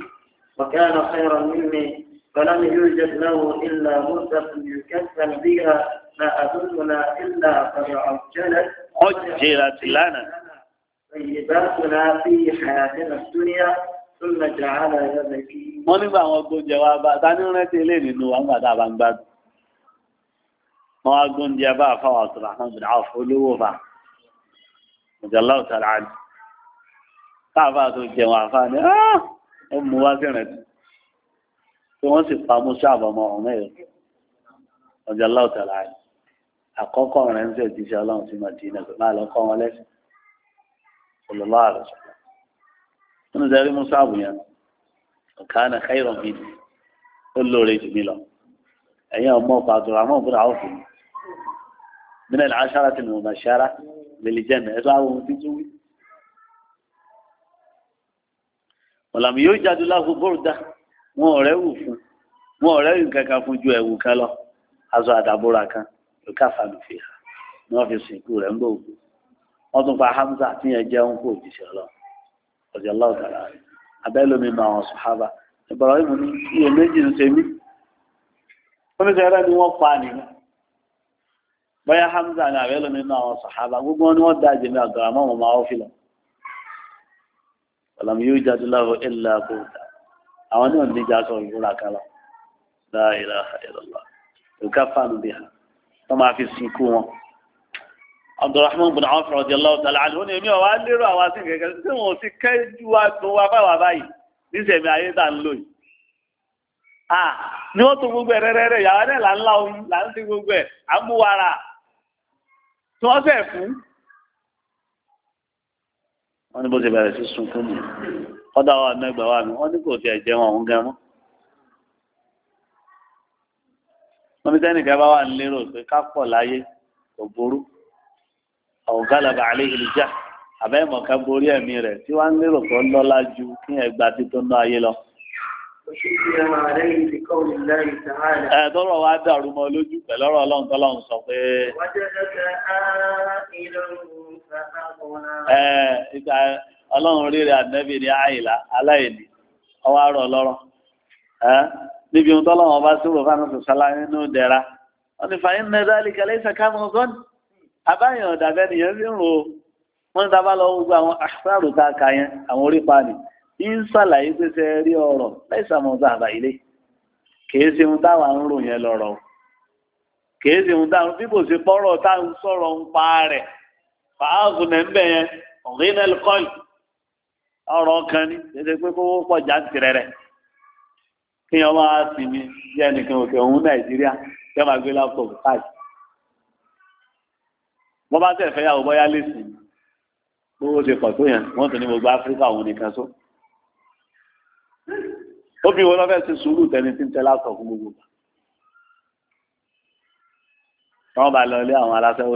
وكان خيرا مني فلم يوجد له إلا مدة يكذب بها ما أظننا إلا قد عجلت عجلت لنا طيباتنا في حياتنا الدنيا ثم جعل يبكي wọ́n nígbà àwọn gbóúnjẹ wa bá ta ní rántí ilé nínú wa nígbà tá a bá ń gbádùn wọ́n á gbóúnjẹ bá àfáwà sọ̀rọ̀ àwọn ọ̀sọ̀rọ̀ olówó fa ìjọba ọ̀sọ̀rọ̀ àjò káàfà tó jẹun àfà ní ah! ó mú wá sí rẹ̀ tí wọ́n sì pa musa àbọ̀mọ́ ọ̀hún ẹ̀ ọjà láòtàlá rẹ̀ àkọ́kọ́ rẹ̀ ń sẹ̀ jíṣẹ́ ọlọ́run sí Madina máa lọ kọ́ wọn lẹ́sìn olùlọ́ àrùsọ nínú sẹ́rí musa àbùyàn ọ̀ká ní káìrọ̀ mi ó lóore jù mí lọ ẹ̀yin ọmọ pàtó àmọ́ òbúra ọ̀fìn mílẹ̀ ní aṣáára tí mo máa ṣáára lè lè jẹ́ ẹ̀ ọ̀làmì yóò jáde láàbò bóòdà wọn ọ̀rẹ́ wù fún wọn ọ̀rẹ́ yìí kankan fún ju ẹ̀wù kan lọ aṣọ àdàbòrà kan lókà fàlùfẹ́ ni wọ́n fi sìnkú rẹ̀ ń bò wù wọ́n tún fa Hamza tí yẹn jẹ́ ń kó òjìṣẹ́ ọlọ́run ọ̀jọ̀ lọ́ọ̀tàrà abẹ́lómi mọ àwọn sùhábà Ibrahim ní iye méjì ń ṣe mí wọ́n ní sẹ́rẹ́ ni wọ́n pa nìyẹn bóyá Hamza ní abẹ́lómi mọ àwọn sùhábà gbogbo wọn ni wọ́n da jẹ̀mí àgbàrá mọ́ ọ̀làmù yóò jáde láwọ̀ ẹ̀là kóòtà àwọn náà ní ìjà sọ ìrora kan lọ la ilaha illallah òkà fáànù bí ha wọ́n máa fi sìnkú wọn. Abdurrahman bin Awf radiyallahu ta'ala anhu ní èmi ọ̀wá lérò àwọn asìn kẹ̀kẹ́ tí wọ́n ti kẹ́jú wa tó wa fáwọn àbáyìí nísẹ̀mí ayé tá ń lò yìí. à ní wọ́n tó gbogbo ẹ̀ rẹ́rẹ́rẹ́ yàrá náà là ń la òun là ń ti gbogbo ẹ̀ à ń bú wàrà tí wọ́n fẹ́ fún wọ́n ní bó ṣe bẹ̀rẹ̀ sí sunkún mi kọ́dà wà mẹ́gbàá wà mí wọ́n ní kò tiẹ̀ jẹ́ wọn òun gan mọ́. wọ́n ní sẹ́nìkẹ́ bá wà nílérò pé ká pọ̀ láyé kò burú ọ̀gálàbà àlẹ́ ìlújà àbẹ́mọ̀ ká borí ẹ̀mí rẹ̀ tí wọ́n lérò pé ó lọ́lá ju kí ẹ gba títún náà ayé lọ. ẹ tọrọ wa dàrú mọ́ lójú pẹ̀lú ọ̀rọ̀ Ọlọ́run tọlọ́run sọ pé. wájú ẹsẹ ààrùn ìlọrin ọlọ́run rí rẹ̀ ànábì ní àìlá aláìní ọwọ́ àrọ̀ ọlọ́rọ̀ níbi ohun tọ́lọ́wọ́n bá sí rọ̀fà náà sọ̀sálá nínú dẹ̀ra wọ́n ní fàyín náà dálí kẹlẹ́ ìsàká mọ́ gọ́n abáyàn ọ̀dàbẹ́ nìyẹn sí ń ro wọ́n ní tábà lọ gbogbo àwọn àṣàrò tá a kà yẹn àwọn orí pa ni ń sàlàyé pé ṣe rí ọ̀rọ̀ láìsàmọ̀ ọ̀dà fàáàzù nẹ̀ ń bẹ̀ yẹn ọ̀rẹ́ náà lọ́kọ́ yìí ọ̀rọ̀ kan ní dédé pé kó pọ̀ jáǹtìrẹ rẹ̀ kí wọ́n máa sì mí bí ẹnìkan òkè òun nàìjíríà kí wọ́n máa gbé láptọ̀pù káàkiri wọ́n bá tẹ̀ fẹ́yàwó bọ́yá lèsì gbogbo ṣe pọ̀ tó yẹn wọ́n tún ní gbogbo áfíríkà òun nìkan só óbí wọn lọ́fẹ́ sí sùúrù tẹni tí ń tẹ láàtọ̀ fún gbogbo wọn bá lọ ilé àwọn aláṣẹ́wó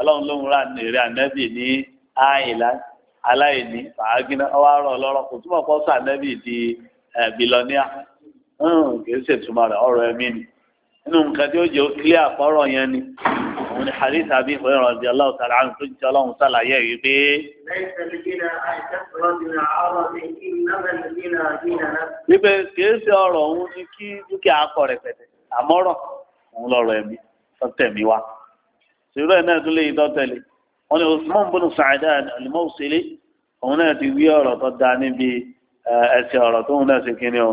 ọlọ́run ló ń ra èrè ànábì ní àìlá aláìní fàágínà ọwọ́ àárọ̀ ọlọ́rọ̀ kò túmọ̀ pọ́ sọ ànábì di bìlọ́níà kì í ṣètúmọ̀ rẹ̀ ọ̀rọ̀ ẹ̀mí ni nǹkan tí ó jẹ́ yẹn ni òun ni hadith àbí ìfọyín rọ̀dí aláwọ̀ tó jẹ́ ọlọ́run sàlàyé pé. wípé kìí ṣe òun ni kí dúkìá àmọ́rọ̀ òun lọ́rọ̀ ẹ̀mí wa. sèrú ẹ̀ náà tún lè tọ́ tẹ̀lé wọn ni Usman bin Sa'dan al-Mawsili òun náà ti wí ọ̀rọ̀ tó da níbi ẹsẹ̀ ọ̀rọ̀ tóun náà ṣe kíni o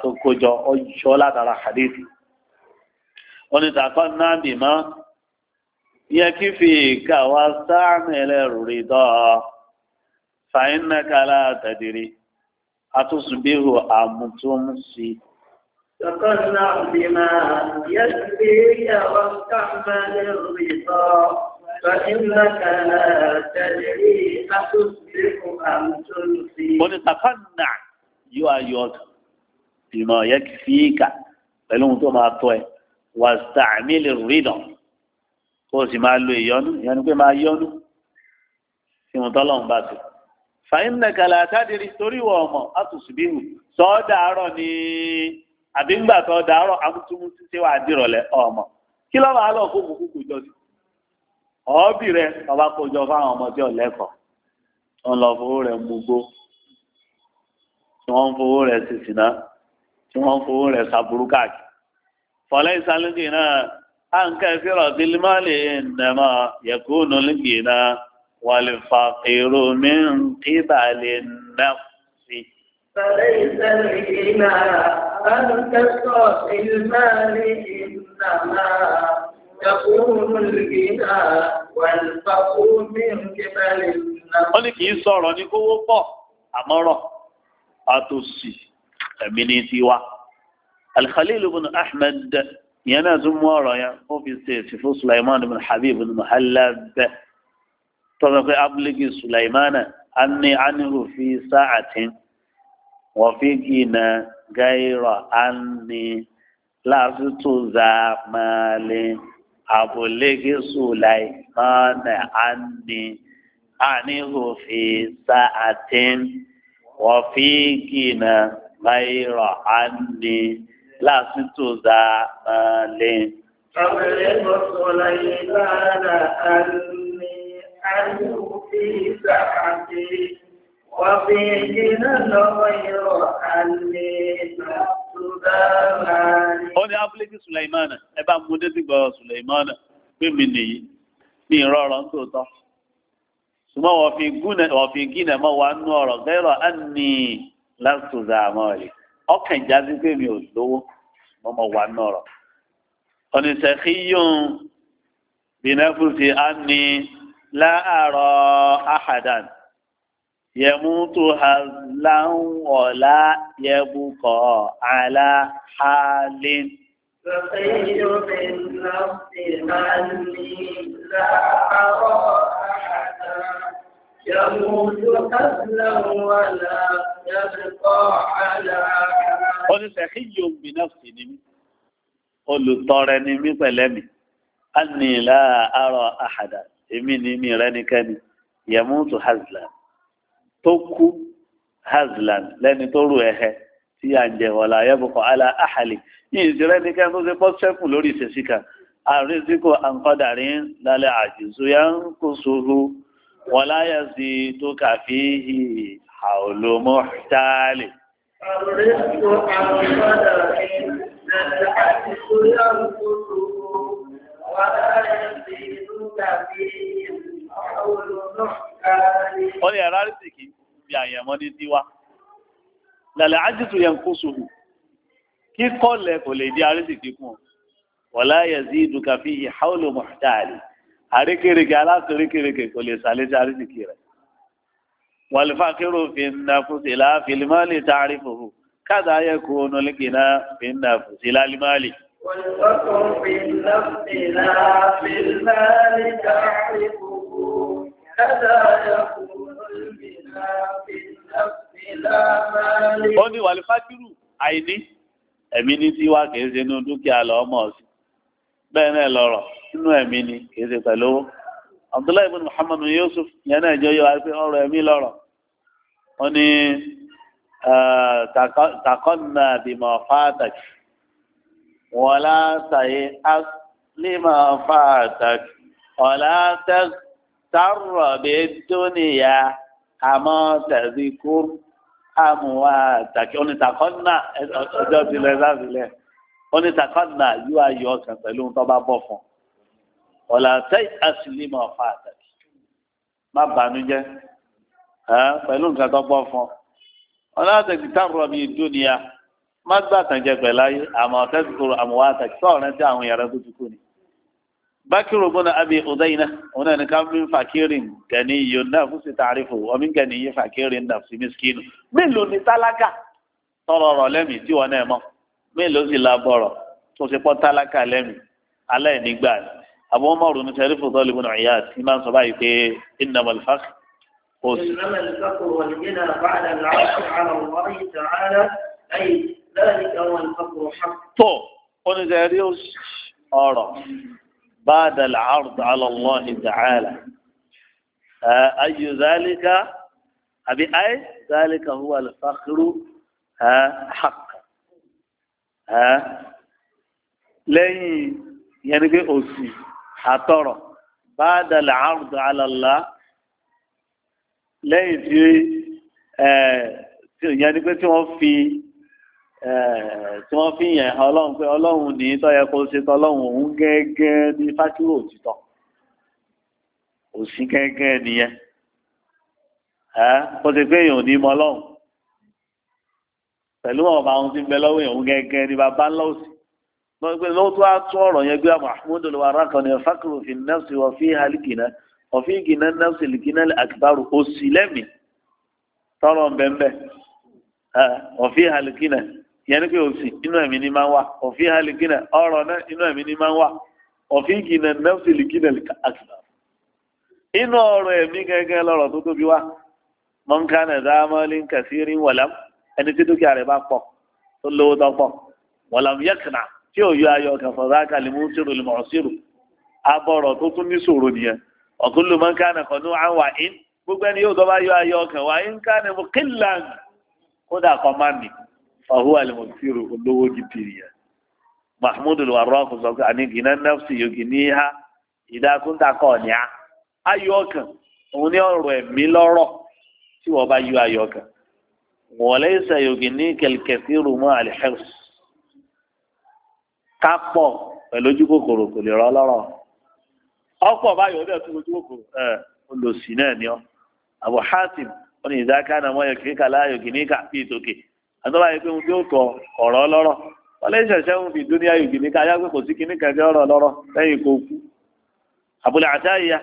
tó kójọ ọjọ́ látara hadith wọn ni tàkọ́ náà bì mọ́ yẹ kí fi ìka wá sáà nílẹ̀ rúri dọ́ fàyín náà kálá tẹ̀dìrì atúnṣubíhù àmútúnṣi. فقرنا بما يكفيك واستعمل الرضا فإنك لا تدري أتصبح أم تمسي. قل تقنع you are yours بما يكفيك pẹ̀lú ohun tó máa tọ́ ẹ واستعمل الرضا kó o sì máa lo ìyọnu ìyọnu pé máa yọnu tí tọ́lọ́run bá ti. فإنك لا تدري torí ìwọ ọmọ أتصبح sọ́ọ́ dàárọ̀ ni. àbí ńgbà tó dàárọ̀ amútúmú wà ọmọ kí lọ́wọ́ àlọ́ kúkú kò jọ sí ọ̀ọ́bì rẹ ọba kò jọ fáwọn ọmọ tí ò lẹ́kọ̀ọ́ wọn lọ fowó rẹ gbogbo tí wọ́n ń fowó rẹ sísìnà tí wọ́n ń fowó rẹ sàbúrú à ń yẹ̀kúnú lùkì náà ń fọlẹ́ ìsàlùkì الكسر المال إنما يكون الغنى والفقر من قبل النفس. أنا كي صار أنا كو وفا أمارة أتوسي أميني سيوا الخليل بن أحمد ينا زموارا يا في سيف سليمان بن حبيب بن محلب طبعا في أبلغ سليمان أني عنه في ساعة وفينا غير أني لست زمالي أبلغ سليمان عني عنه في ساعة وفينا غير أني لست زمالي أبلغ سليمان عني عنه في ساعة Ó ní Áfílẹ́kì Sùlẹ̀mánà, ẹ bá mú dé dìgbà Sùlẹ̀mánà, pé mi nìyí, ní ìrọ̀rọ̀ ń tòótọ́. Ṣùgbọ́n wọ́n fi gínà mọ́ wa nú ọ̀rọ̀ gẹ́rọ̀ á ní látòzà àmọ́ rẹ̀. Ọkàn ìjà sí pé mi ò lówó, mọ́ mọ́ wa nú ọ̀rọ̀. Ọ̀nìṣẹ́ kí yóò á ní láàárọ̀ áhàdàn. يموتها لا ولا يبقى على حال فخير من نفس من لا أرى أحدا يموت قبلا ولا يبقى على حال قل سخي بنفسي نمي قل طار نمي بلمي أني لا أرى أحدا إمي نمي رنكني يموت هزلا tó kú hazland lẹ́ni tó rú ẹ̀hẹ́ tí à ń jẹ wọ̀lá ayẹ́bùkọ̀ alá àhàlì yìí ìṣẹ́lẹ̀ ní kẹ́ńtó ṣe pọ́ sẹ́kù lórí ìṣesí kan àrùn ìsìnkú àǹkọ́dàrí lálẹ́ àjùsù yá ń kó sóró wọ́n láyà sí tó kàfí àolómọ́ táàlì. àrùn ìsìnkú àǹkọ́dàrí lálẹ́ àjùsù yá ń kó sóró wọ́n láyà sí tó kàfí wọ́n ní ẹ̀rọ àrísìkì bí àyẹ̀mọ́ ní tiwa lálẹ́ ájútù yẹn kó sòrò kíkọ́lẹ̀ kò lè di àrísìkì fún ọ wọ̀lá yẹ̀sí ìdúkàfí ìhàwọ̀lù mọ̀tàlì àríkèrèkè alákèrèkèrèkè kò lè sàlẹ̀ sí àrísìkì rẹ̀ wàlúfàkìrò fi ń na fúsìlá fìlímọ́lì tààrí fòfò káàdà yẹ kó nulíkìnà fi ń na fúsìlá límọ́lì. wàlúfàkìrò fi ń na fúsìlá fìlímọ́lì ó ní wàlú fájúrù àìní ẹ̀mí ní tí wá kìí ṣe inú dúkìá lọ ọmọ ọ̀sìn bẹ́ẹ̀ náà lọ́rọ̀ inú ẹ̀mí ni kìí ṣe pẹ̀lú owó abdullahi ibn muhammad yusuf yẹn náà jẹ́ yọ àti ọ̀rọ̀ ẹ̀mí lọ́rọ̀ ó ní takọ́nà bímọ fàtàkì wọ́n látàyè lè máa fàtàkì ọ̀làtẹ́sì sárọ̀ bíi dúnìyà àmọ́ tẹ̀sí kú àmúwá tàkì onítàkọ́nà ọjọ́ tilẹ̀ sáfilẹ̀ onítàkọ́nà yóò ayọ̀ ọkàn pẹ̀lú ohun tó bá bọ̀ fún ọ̀là sẹ́yìn àṣìlímọ̀ ọ̀fà àtàkì má bànújẹ́ pẹ̀lú nǹkan tó bọ̀ fún ọ̀là tẹ̀sí sárọ̀ bíi dúnìyà má gbà tàǹjẹ̀ pẹ̀láyé àmọ́ tẹ̀sí kú àmúwá tàkì sọ̀rọ̀ rántí àwọn yàrá tó ti kú ni. بكر بن أبي أدينة هنا كان من فقير غني النفس تعرفه ومن غني فقير النفس مسكين من لون tálákà tọrọrọ lẹ́mìí tí wọ́n náà mọ̀ mí ló sì lábọ̀rọ̀ tó ṣe pọ́ tálákà lẹ́mìí aláìnígbà ni àbọ̀ wọn mọ̀rún ní sẹ́rífù tó lébùn ọ̀yà tí máa ń sọ báyìí pé iná malfak ó sì. tó oníṣẹ́ rí ọ̀rọ̀ بعد العرض على الله تعالى أي ذلك أبي أي ذلك هو الفخر حقا لين يعني أوسي حطر بعد العرض على الله لين في يعني كنت في Eh, tí wọ́n fi yẹn hàn ọlọ́run pé ọlọ́run ní tọ́yẹ kó ṣe tọ́lọ́run òun gẹ́gẹ́ ní fásitì òtítọ́ òsì gẹ́gẹ́ nìyẹn eh, ó ti pé èèyàn ní mọ ọlọ́run pẹ̀lú ọba ohun tí dị bẹ lọ́wọ́ èèyàn òun gẹ́gẹ́ ní bàbá ńlá òsì lọ́wọ́ pé lọ́wọ́ tó á tún ọ̀rọ̀ yẹn gbé mahmudu lọ́wọ́ arákùnrin ẹ̀ fákìrò fi nẹ́ẹ̀sì wọ́n fi hàlìkìnà wọ́n fi nẹ́ẹ̀sì lìkìnà lẹ́mìí tọ́rọ̀ ń bẹ́ẹ̀ ìyẹn ni pé òsì inú ẹ̀mí ni máa ń wà òfin àlìkínà ọ̀rọ̀ náà inú ẹ̀mí ni máa ń wà òfin kìnà nẹ́fùsì lìkínà àkìlà inú ọ̀rọ̀ ẹ̀mí gẹ́gẹ́ lọ́rọ̀ tó tóbi wá mọ́ńkánà dáhámọ́lì kàṣírí wọ̀lám ẹni tí dúkìá rẹ̀ bá pọ̀ tó lówó tó pọ̀ wọ̀lám yẹ́kìnà tí ò yọ ayọ̀ kẹfọ̀dá kàlímù sírù lùmọ̀ sírù abọ̀rọ̀ tó tún ní ọ̀hún àlùmọ̀síìrù olówó gidi yẹn mahmud alwarraq sọ pé àní gíná nẹ́fṣì yóò gíní ha ìdákúntà kọ̀ ní a ayọ̀ ọkàn òun ní ọ̀rọ̀ ẹ̀mí lọ́rọ̀ tí wọ́n bá yọ ayọ̀ ọkàn wọ́n lẹ́yìn sọ yóò gíní kẹ̀kẹ́sì rùmọ́ àlẹ́hẹ́rs kápọ̀ pẹ̀lú ojú kòkòrò kò lè rọ́ lọ́rọ̀ ọ̀pọ̀ báyọ̀ ọdẹ tó ojú kòkòrò ẹ̀ olùsí náà ni ọ Abu Hatim wọn ni ìdáká yọ àtọ́wá yìí pé ohun tí ó tọ̀ ọ̀rọ̀ ọlọ́rọ̀ wọlé ìṣẹ̀ṣẹ̀ ń fi dúnìá yìí kìíní káyá pé kò sí kìíní kẹ̀kẹ́ ọ̀rọ̀ ọlọ́rọ̀ lẹ́yìn kó kú àbúlé àtàyà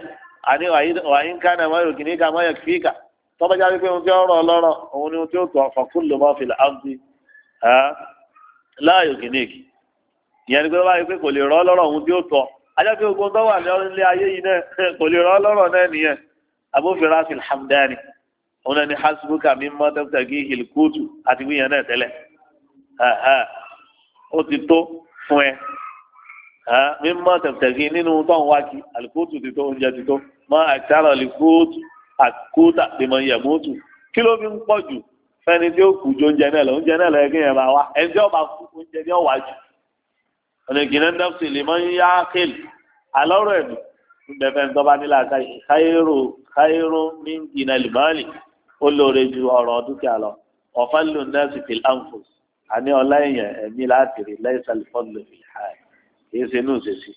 àní wàyí ń ká náà wáyò kìíní ká mọ́yọ̀ fíkà tọ́ba já pé ohun tí ọ̀rọ̀ ọlọ́rọ̀ òun ni ohun tí ó tọ̀ fàkúlù mọ́ fìlà áńtì láàyò kìíní kì ìyẹn ni pé wáyé pé kò lè rọ́ ọlọ́rọ̀ ohun tí ó ajá pé ogun tó wà ní ilé ayé yìí náà kò lè rọ́ ọlọ́rọ̀ náà nìyẹn abófinra fìlà hàmdáni òun náà ni hasbuka mi mọ́ dókítà kí hilkutu àti wíyẹn náà tẹ́lẹ̀ ó ti tó fún ẹ mi mọ́ dókítà kí nínú tọ́hún wá kí alikutu ti tó oúnjẹ ti tó mọ́ àtàrà likutu àkútà ti mọ ìyàmótù kí ló fi ń pọ̀ jù fẹ́ni tí ó kù ju oúnjẹ náà lọ oúnjẹ náà lọ yẹ kí yẹn bá wá ẹni tí ó bá kú oúnjẹ ní ọ̀wá jù ọ̀nà ìgbìnà nọ́ọ̀sì lè mọ́ yá kéèlì alọ́rọ̀ ẹ̀mí ń bẹ fẹ́ni tó bá nílà ó lóore ju ọ̀rọ̀ dúkìá lọ ọ̀fẹ́ ló ní ẹ̀sìn fi láǹfò àní ọlá èèyàn ẹ̀mí láti rí lẹ́sẹ̀ fọ́ọ̀lù fi hà kìí ṣe inú ìṣesí.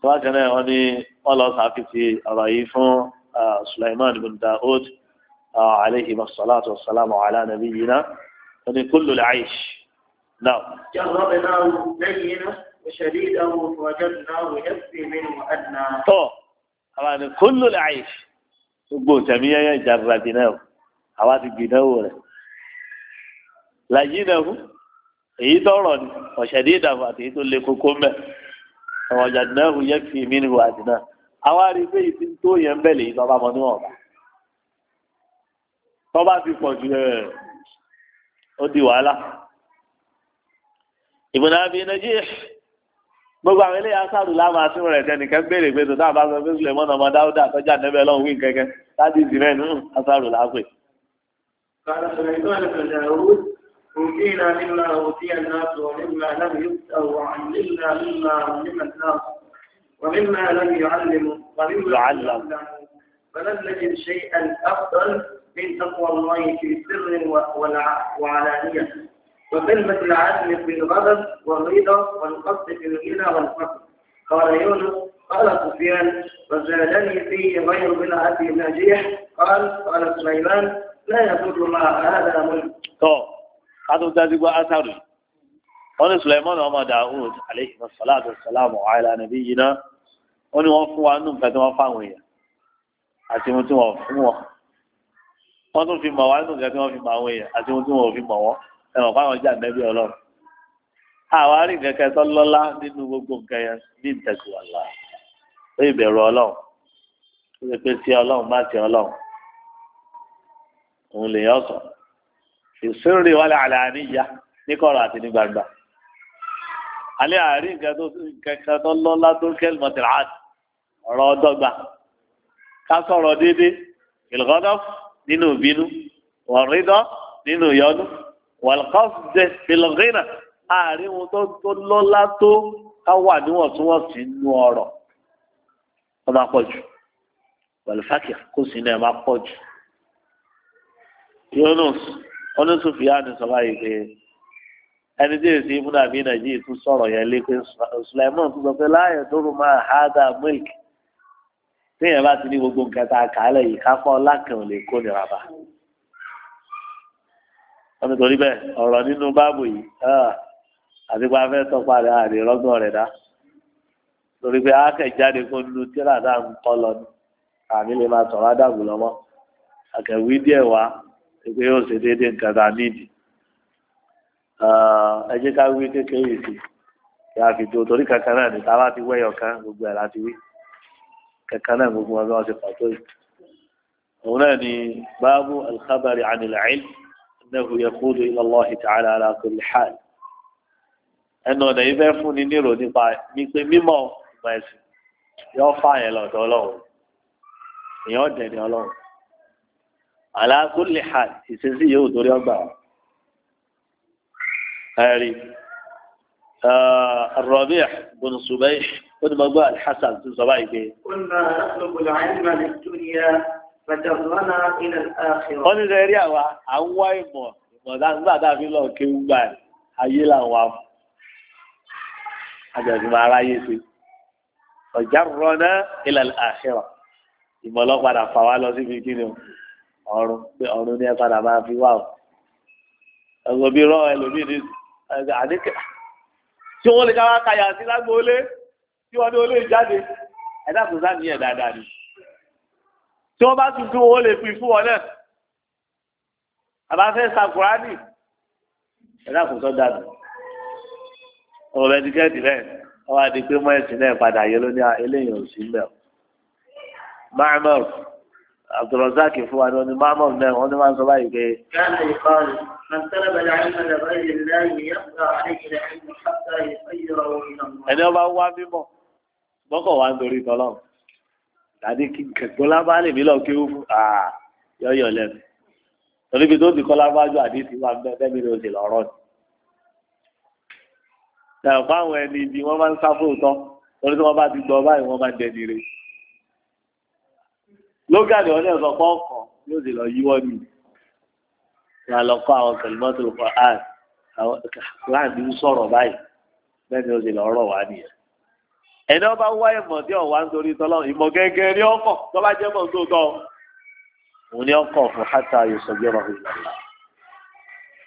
tó bá kẹ́lẹ́ wọn ni fi lanfo ani ola lọ sàfihì se inu isesi wọn ba yìí fún Sulaiman bin Daoud alayhi masalatu wasalamu ala nabi yina wọn ni kúlù lè al ṣì náà. jọ́wọ́ náà ìdáwó جربناه لينا وشديده فوجدناه يبكي منه أدنى. tó àwọn ni àyè al si gbogbo ìsẹ̀mí yẹ́yẹ́ ìjàdùrà dìnnà o àwa ti gbìnà wò rẹ̀ làyí náà èyí tọrọ ni ọ̀sẹ̀dí ìdààmú àti èyí tó le koko mẹ́ àwọn ọjà dìnnà o yẹ fi mí nìwò àdìnnà àwa rí pé ìfi tó yẹn ń bẹ̀ lè tọ́ bá mọ níwọ̀n bá tọ́ bá ti pọ̀ jù ẹ̀ ó di wàhálà ìbùnà àbí nàìjíríà gbogbo àwọn eléyà sáàdù láàmú àti rẹ̀ tẹnìkan béèrè pé tòtá àbá sọ pé sùlẹ̀ mọ́nà ọmọ dáúdà tọ́jà nẹ́bẹ̀ lọ́hùn wí kẹ́kẹ́ láti ìdí rẹ̀ nù àsáàdù láàpẹ̀. ومما نجد شيئا افضل من تقوى الله في سر وعلانيه وكلمة العدل في الغضب والرضا والقصد في الغنى والفقر قال يونس قال سفيان وزادني فيه غير بن أبي نجيح قال قال سليمان لا يضر مع هذا ملك هذا تازق أثر قال سليمان وما داود عليه الصلاة والسلام على نبينا wọ́n ní wọ́n fún wa nínú nǹkan tí wọ́n fáwọn èèyàn àti ohun tí wọ́n fún wọn wọ́n tún fi mọ̀ wá nínú nǹkan tí wọ́n fi mọ̀ àwọn èèyàn àti ohun tí wọ́n ẹ̀wọ̀n fáwọn ọjà nẹ́bí ọlọ́run àwárí kẹ̀kẹ́ tó lọ́lá nínú gbogbo nǹkan yẹn ní ìtẹ̀síwàlá ó ìbẹ̀rù ọlọ́run ó lè pé sí ọlọ́run má sí ọlọ́run òun lè yàn sọ ìsúnrí wàlẹ̀ àlẹ́ àníyá ní kọ̀rọ̀ àti ní gbangba alẹ́ àárín kẹ̀kẹ́ tó lọ́lá tó kẹ́lì mọ́tìláàdì ọ̀rọ̀ ọdọ́gba ká sọ̀rọ̀ déédéé ìlgọ́dọ̀ nínú ìbínú wọ̀rídọ́ nínú ìyọdún wàlùkọ́sìdẹ̀ fìlọ̀gẹ́nà àárín wọn tó lọ́lá tó ká wà níwọ̀ntúnwọ̀nsì nú ọ̀rọ̀ wọ́n máa pọ̀ jù wàlùfáàkì kò sí náà máa pọ̀ jù. Yunus onísùfìyàní sọ báyìí pé ẹni tí èsì múnàbí nàìjíríà tún sọ̀rọ̀ yẹn lé pé Sulaiman tún sọ pé láàyè tó rò máa hádà mílìkì téèyàn bá ti ní gbogbo nǹkan tá a kà á lẹ̀ yìí ká fọ́ ọlá ò lè kó nira bá wọ́n ti torí bẹ́ẹ̀ ọ̀rọ̀ nínú báàbù yìí ah, àti pé afẹ́ tọ́pa rẹ̀ àdè rọ́gbọ̀n rẹ̀ dá torí pé akẹ́jáde kó nu tíra dá ń kọ́ lọ ní àmì lè máa sọ̀rọ̀ àdàbò lọ́mọ́ àkẹ́wí díẹ̀ wá pé yóò ṣe déédéé nǹkan tá a nídìí ah, ẹ jẹ́ ká wí kékeré yìí sí kí a fi tó torí kankan náà níta bá ti kan gbogbo ẹ̀ láti wí kankan náà gbogbo wọn bí pàtó yìí òun náà ni báàbù alkhabari anil ilm. إنه يقول إلى الله تعالى على كل حال ẹnu ọ̀nà yìí fẹ́ fún ni nírò nípa nípe mímọ̀ ìgbà ẹ̀sìn yóò fààyàn lọ́dọ̀ ọlọ́run èèyàn dẹ̀ni ọlọ́run ala kulli hal ìṣesí yóò dórí ọgbà ẹ̀rí الربيع بن صبيح قد مقبال الحسن بن صباح قلنا نطلب العلم للدنيا wọ́n ní sẹ́rí àwa à ń wá ìmọ̀ ìmọ̀dá nígbà tá a fi lọ kéwú gbà ayé làwọn amú àjọ̀dún aráyé ṣe ọ̀já rọ́nà ilẹ̀ àṣírọ̀ ìmọ̀ lọ padà fà wá lọ síbi kíni ọ̀run pé ọ̀run ni ẹ padà máa fi wá o ẹ̀gbọ́n bíi rán ẹlòmíì ní àdékè tí wọ́n lè ká wá kàyà sí lágbóolé tí wọ́n ní olè jáde ẹ̀dá kò sáà ni tí wọ́n bá tún tún owó lè pin fún wọn náà àbáfẹ́ sakurani ẹ̀dá kò sọ dànù ọ̀rọ̀ ẹ̀dígẹ́dì rẹ̀ ọwọ́ adi pé mọ́ ẹ̀sìn náà padà yẹ lóní eléyìí ò sí mbẹ́ mahmoud abdulrasaq fún wa ní wọn ni mahmoud náà wọn ni wọn sọ báyìí pé. káàdì ìkọlù من طلب العلم لغير الله يقضى عليه العلم حتى يصيره من الله. ẹni ọba wá mímọ̀ mọ́kàn wá ń torí tọ́lọ́mù tàbí kí kẹ̀kọ́ lábá lè mí lọ kí ó fún àà yọ̀yọ̀ lẹ́nu torí bí tó ti kọ́ lábájú àdìsí wa gbẹ́ bẹ́ẹ̀ ló ṣe lọ́rọ́ ni. ẹ̀rọ fáwọn ẹni ibi wọ́n máa ń sá fóòtọ́ torí tí wọ́n bá ti gbọ́ báyìí wọ́n máa ń dẹni re. lókàdì wọn ní ẹ̀sọ́ pọ́ọ̀kan yóò sì lọ yíwọ́ ni wà lọ kọ́ àwọn kẹlẹ́mọ́tò fún àà àwọn kúrán ti sọ̀rọ̀ báyìí bẹ́ẹ̀ ni ó ṣe lọ́rọ̀ wá nìyẹn ẹni ọba wá ìmọ̀ tí ọ̀wá ń torí tọ́lọ́ ìmọ̀ gẹ́gẹ́ ní ọkọ̀ tó bá jẹ́ mọ̀ tó tọ́ òun ní ọkọ̀ fún hátà yòsòjẹ́ ọ̀hún ìlànà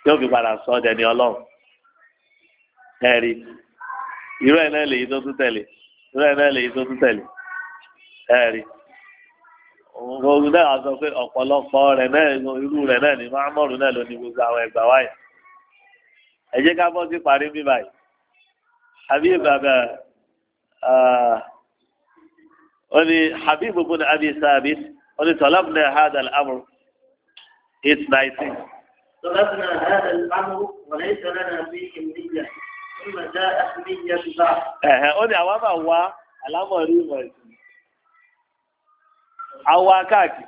yóò fi padà sọ ọ́ dẹni ọlọ́run ẹ̀rí irú ẹ̀ náà lèyí tó tún tẹ̀lé irú ẹ̀ náà lèyí tó tún tẹ̀lé ẹ̀rí òun náà sọ pé ọ̀pọ̀lọpọ̀ rẹ̀ náà irú rẹ̀ náà ní máàmọ́rù náà ló ní gbogbo àwọn ẹgbà wáyà ẹ jẹ́ ká bọ́ sí parí bí báyìí àbí ìbàbà أني حبيب بن أبي ثابت أني طلبنا هذا الأمر it's 19 طلبنا هذا الأمر وليس لنا فيه نية ثم جاءت نية بعد أني أوام أوا الأمر ريما أوا كاكي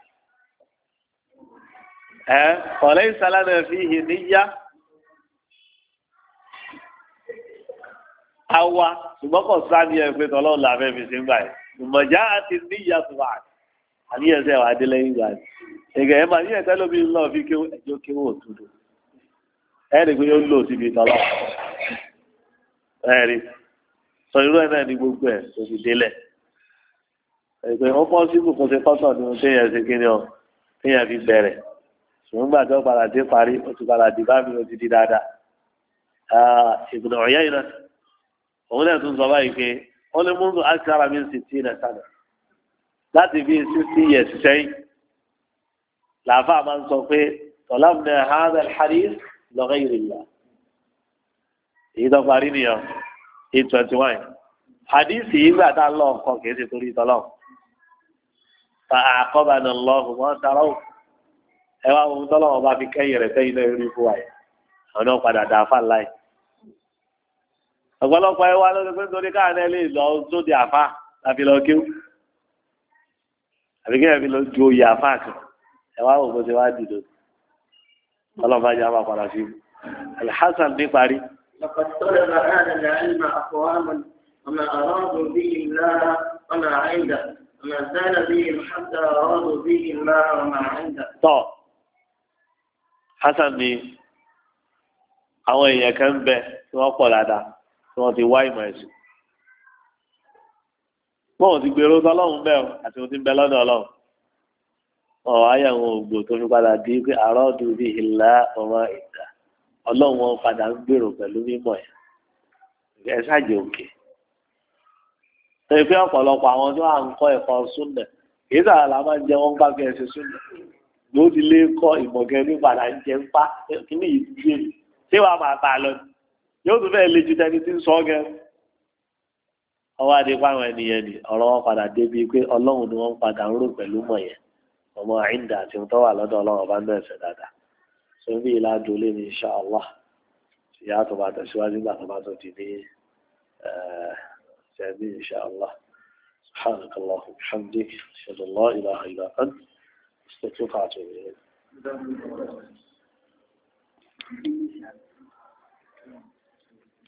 وليس لنا فيه نية awa ṣùgbọ́n kò sáni ẹ̀ pé tọ́lọ́ la fẹ́ fi ṣe ń gbà yẹn ìmọ̀já àti níyà tó wà àní ẹ̀sẹ̀ wà dé lẹ́yìn ìgbà yẹn ẹ̀gẹ̀ ẹ̀ máa ní ẹ̀sẹ̀ lómi ńlọ fi kéwò ẹ̀jọ́ kéwò òtútù ẹ̀rì pé yóò lò síbi tọ́lọ́ ẹ̀rì sọ irú ẹ̀ náà ní gbogbo ẹ̀ òbí délẹ̀ ẹ̀gbẹ́ ó pọ́ sí kòkó ṣe kọ́tọ̀ ní ohun téèyàn ṣe kíni ọ téèyàn fi bẹ̀rẹ̀ ṣùgbọ́n gbàdọ́ òun náà tún sọ báyìí pé ó ní múndù akara mi sì tí ì lẹ́sàdà láti bí sixty years sẹ́yìn làáfà máa ń sọ pé tọ́lám ní ahad alhadis lọ́gẹ́ ìrìlá èyí tó parí nìyẹn eight twenty one hadith yìí gbà tá a lọ ọkọ kìí ṣe torí tọ́lọ́ fa àkọ́bà ní lọ́ọ̀hùn wọn tara ó ẹ wá ohun tọ́lọ́ wọn bá fi kẹ́yìn rẹ̀ sẹ́yìn náà rí fún wa yẹn àwọn náà padà dá a fà láì ọ̀pọ̀lọpọ̀ ẹ wá lọ́dọ̀ pé nítorí káàdé lè lọ sóde àfa àfi lọ kíw àbí kí ẹ fi lọ ju oyè àfa kan ẹ wá wò bó ṣe wá dìdò ọlọ́mọ ajá máa padà sí alhassan ní parí. ọ̀pọ̀lọpọ̀ ààrẹ ní àìmọ̀ àfọwọ́mọ̀ ọmọ àrọ́dún bíi ńlá ọmọ àìdá ọmọ sẹ́lẹ̀ bíi ìhàtà àrọ́dún tọ́ Hassan ni àwọn èèyàn kan ń bẹ tí wọ́n pọ̀ dáadáa tí wọ́n ti wá ìmọ̀ ẹ̀sìn. Wọ́n ò ti gbèrò tọ́lọ́hún bẹ́ẹ̀ o àti ohun tí ń bẹ lọ́dọ̀ ọlọ́run. Ọ̀ ayé àwọn ògbò tó fi padà di pé àrọ́dù bíi ìlà ọ̀rọ̀ ìgbà ọlọ́run wọn padà ń gbèrò pẹ̀lú mímọ̀ ẹ̀. Ẹ ṣáàjì òkè. Ṣé pé ọ̀pọ̀lọpọ̀ àwọn tí wọ́n à ń kọ́ ẹ̀kọ́ súnà kì í sàrà là máa ń jẹ wọ́n bá fi ẹ̀sìn súnà. Ló ti kọ́ ìmọ̀gẹ́ ní padà ń yóò tún fẹ́ẹ́ le ju tẹni tí ń sọ gẹ. ọwọ́ adé fáwọn ni ọ̀rọ̀ wọn padà débi pé ọlọ́run ni wọ́n padà ń rò pẹ̀lú mọ̀ yẹn ọmọ àìndà àti ohun tó wà lọ́dọ̀ ọlọ́run bá ń bẹ̀rẹ̀ dáadáa bí ilá dolé ní insha ìyá tó bá tẹ̀síwájú tó bá tó di ní ṣẹ́bí insha Allah سبحانك اللهم وبحمدك أشهد أن لا إله إلا أنت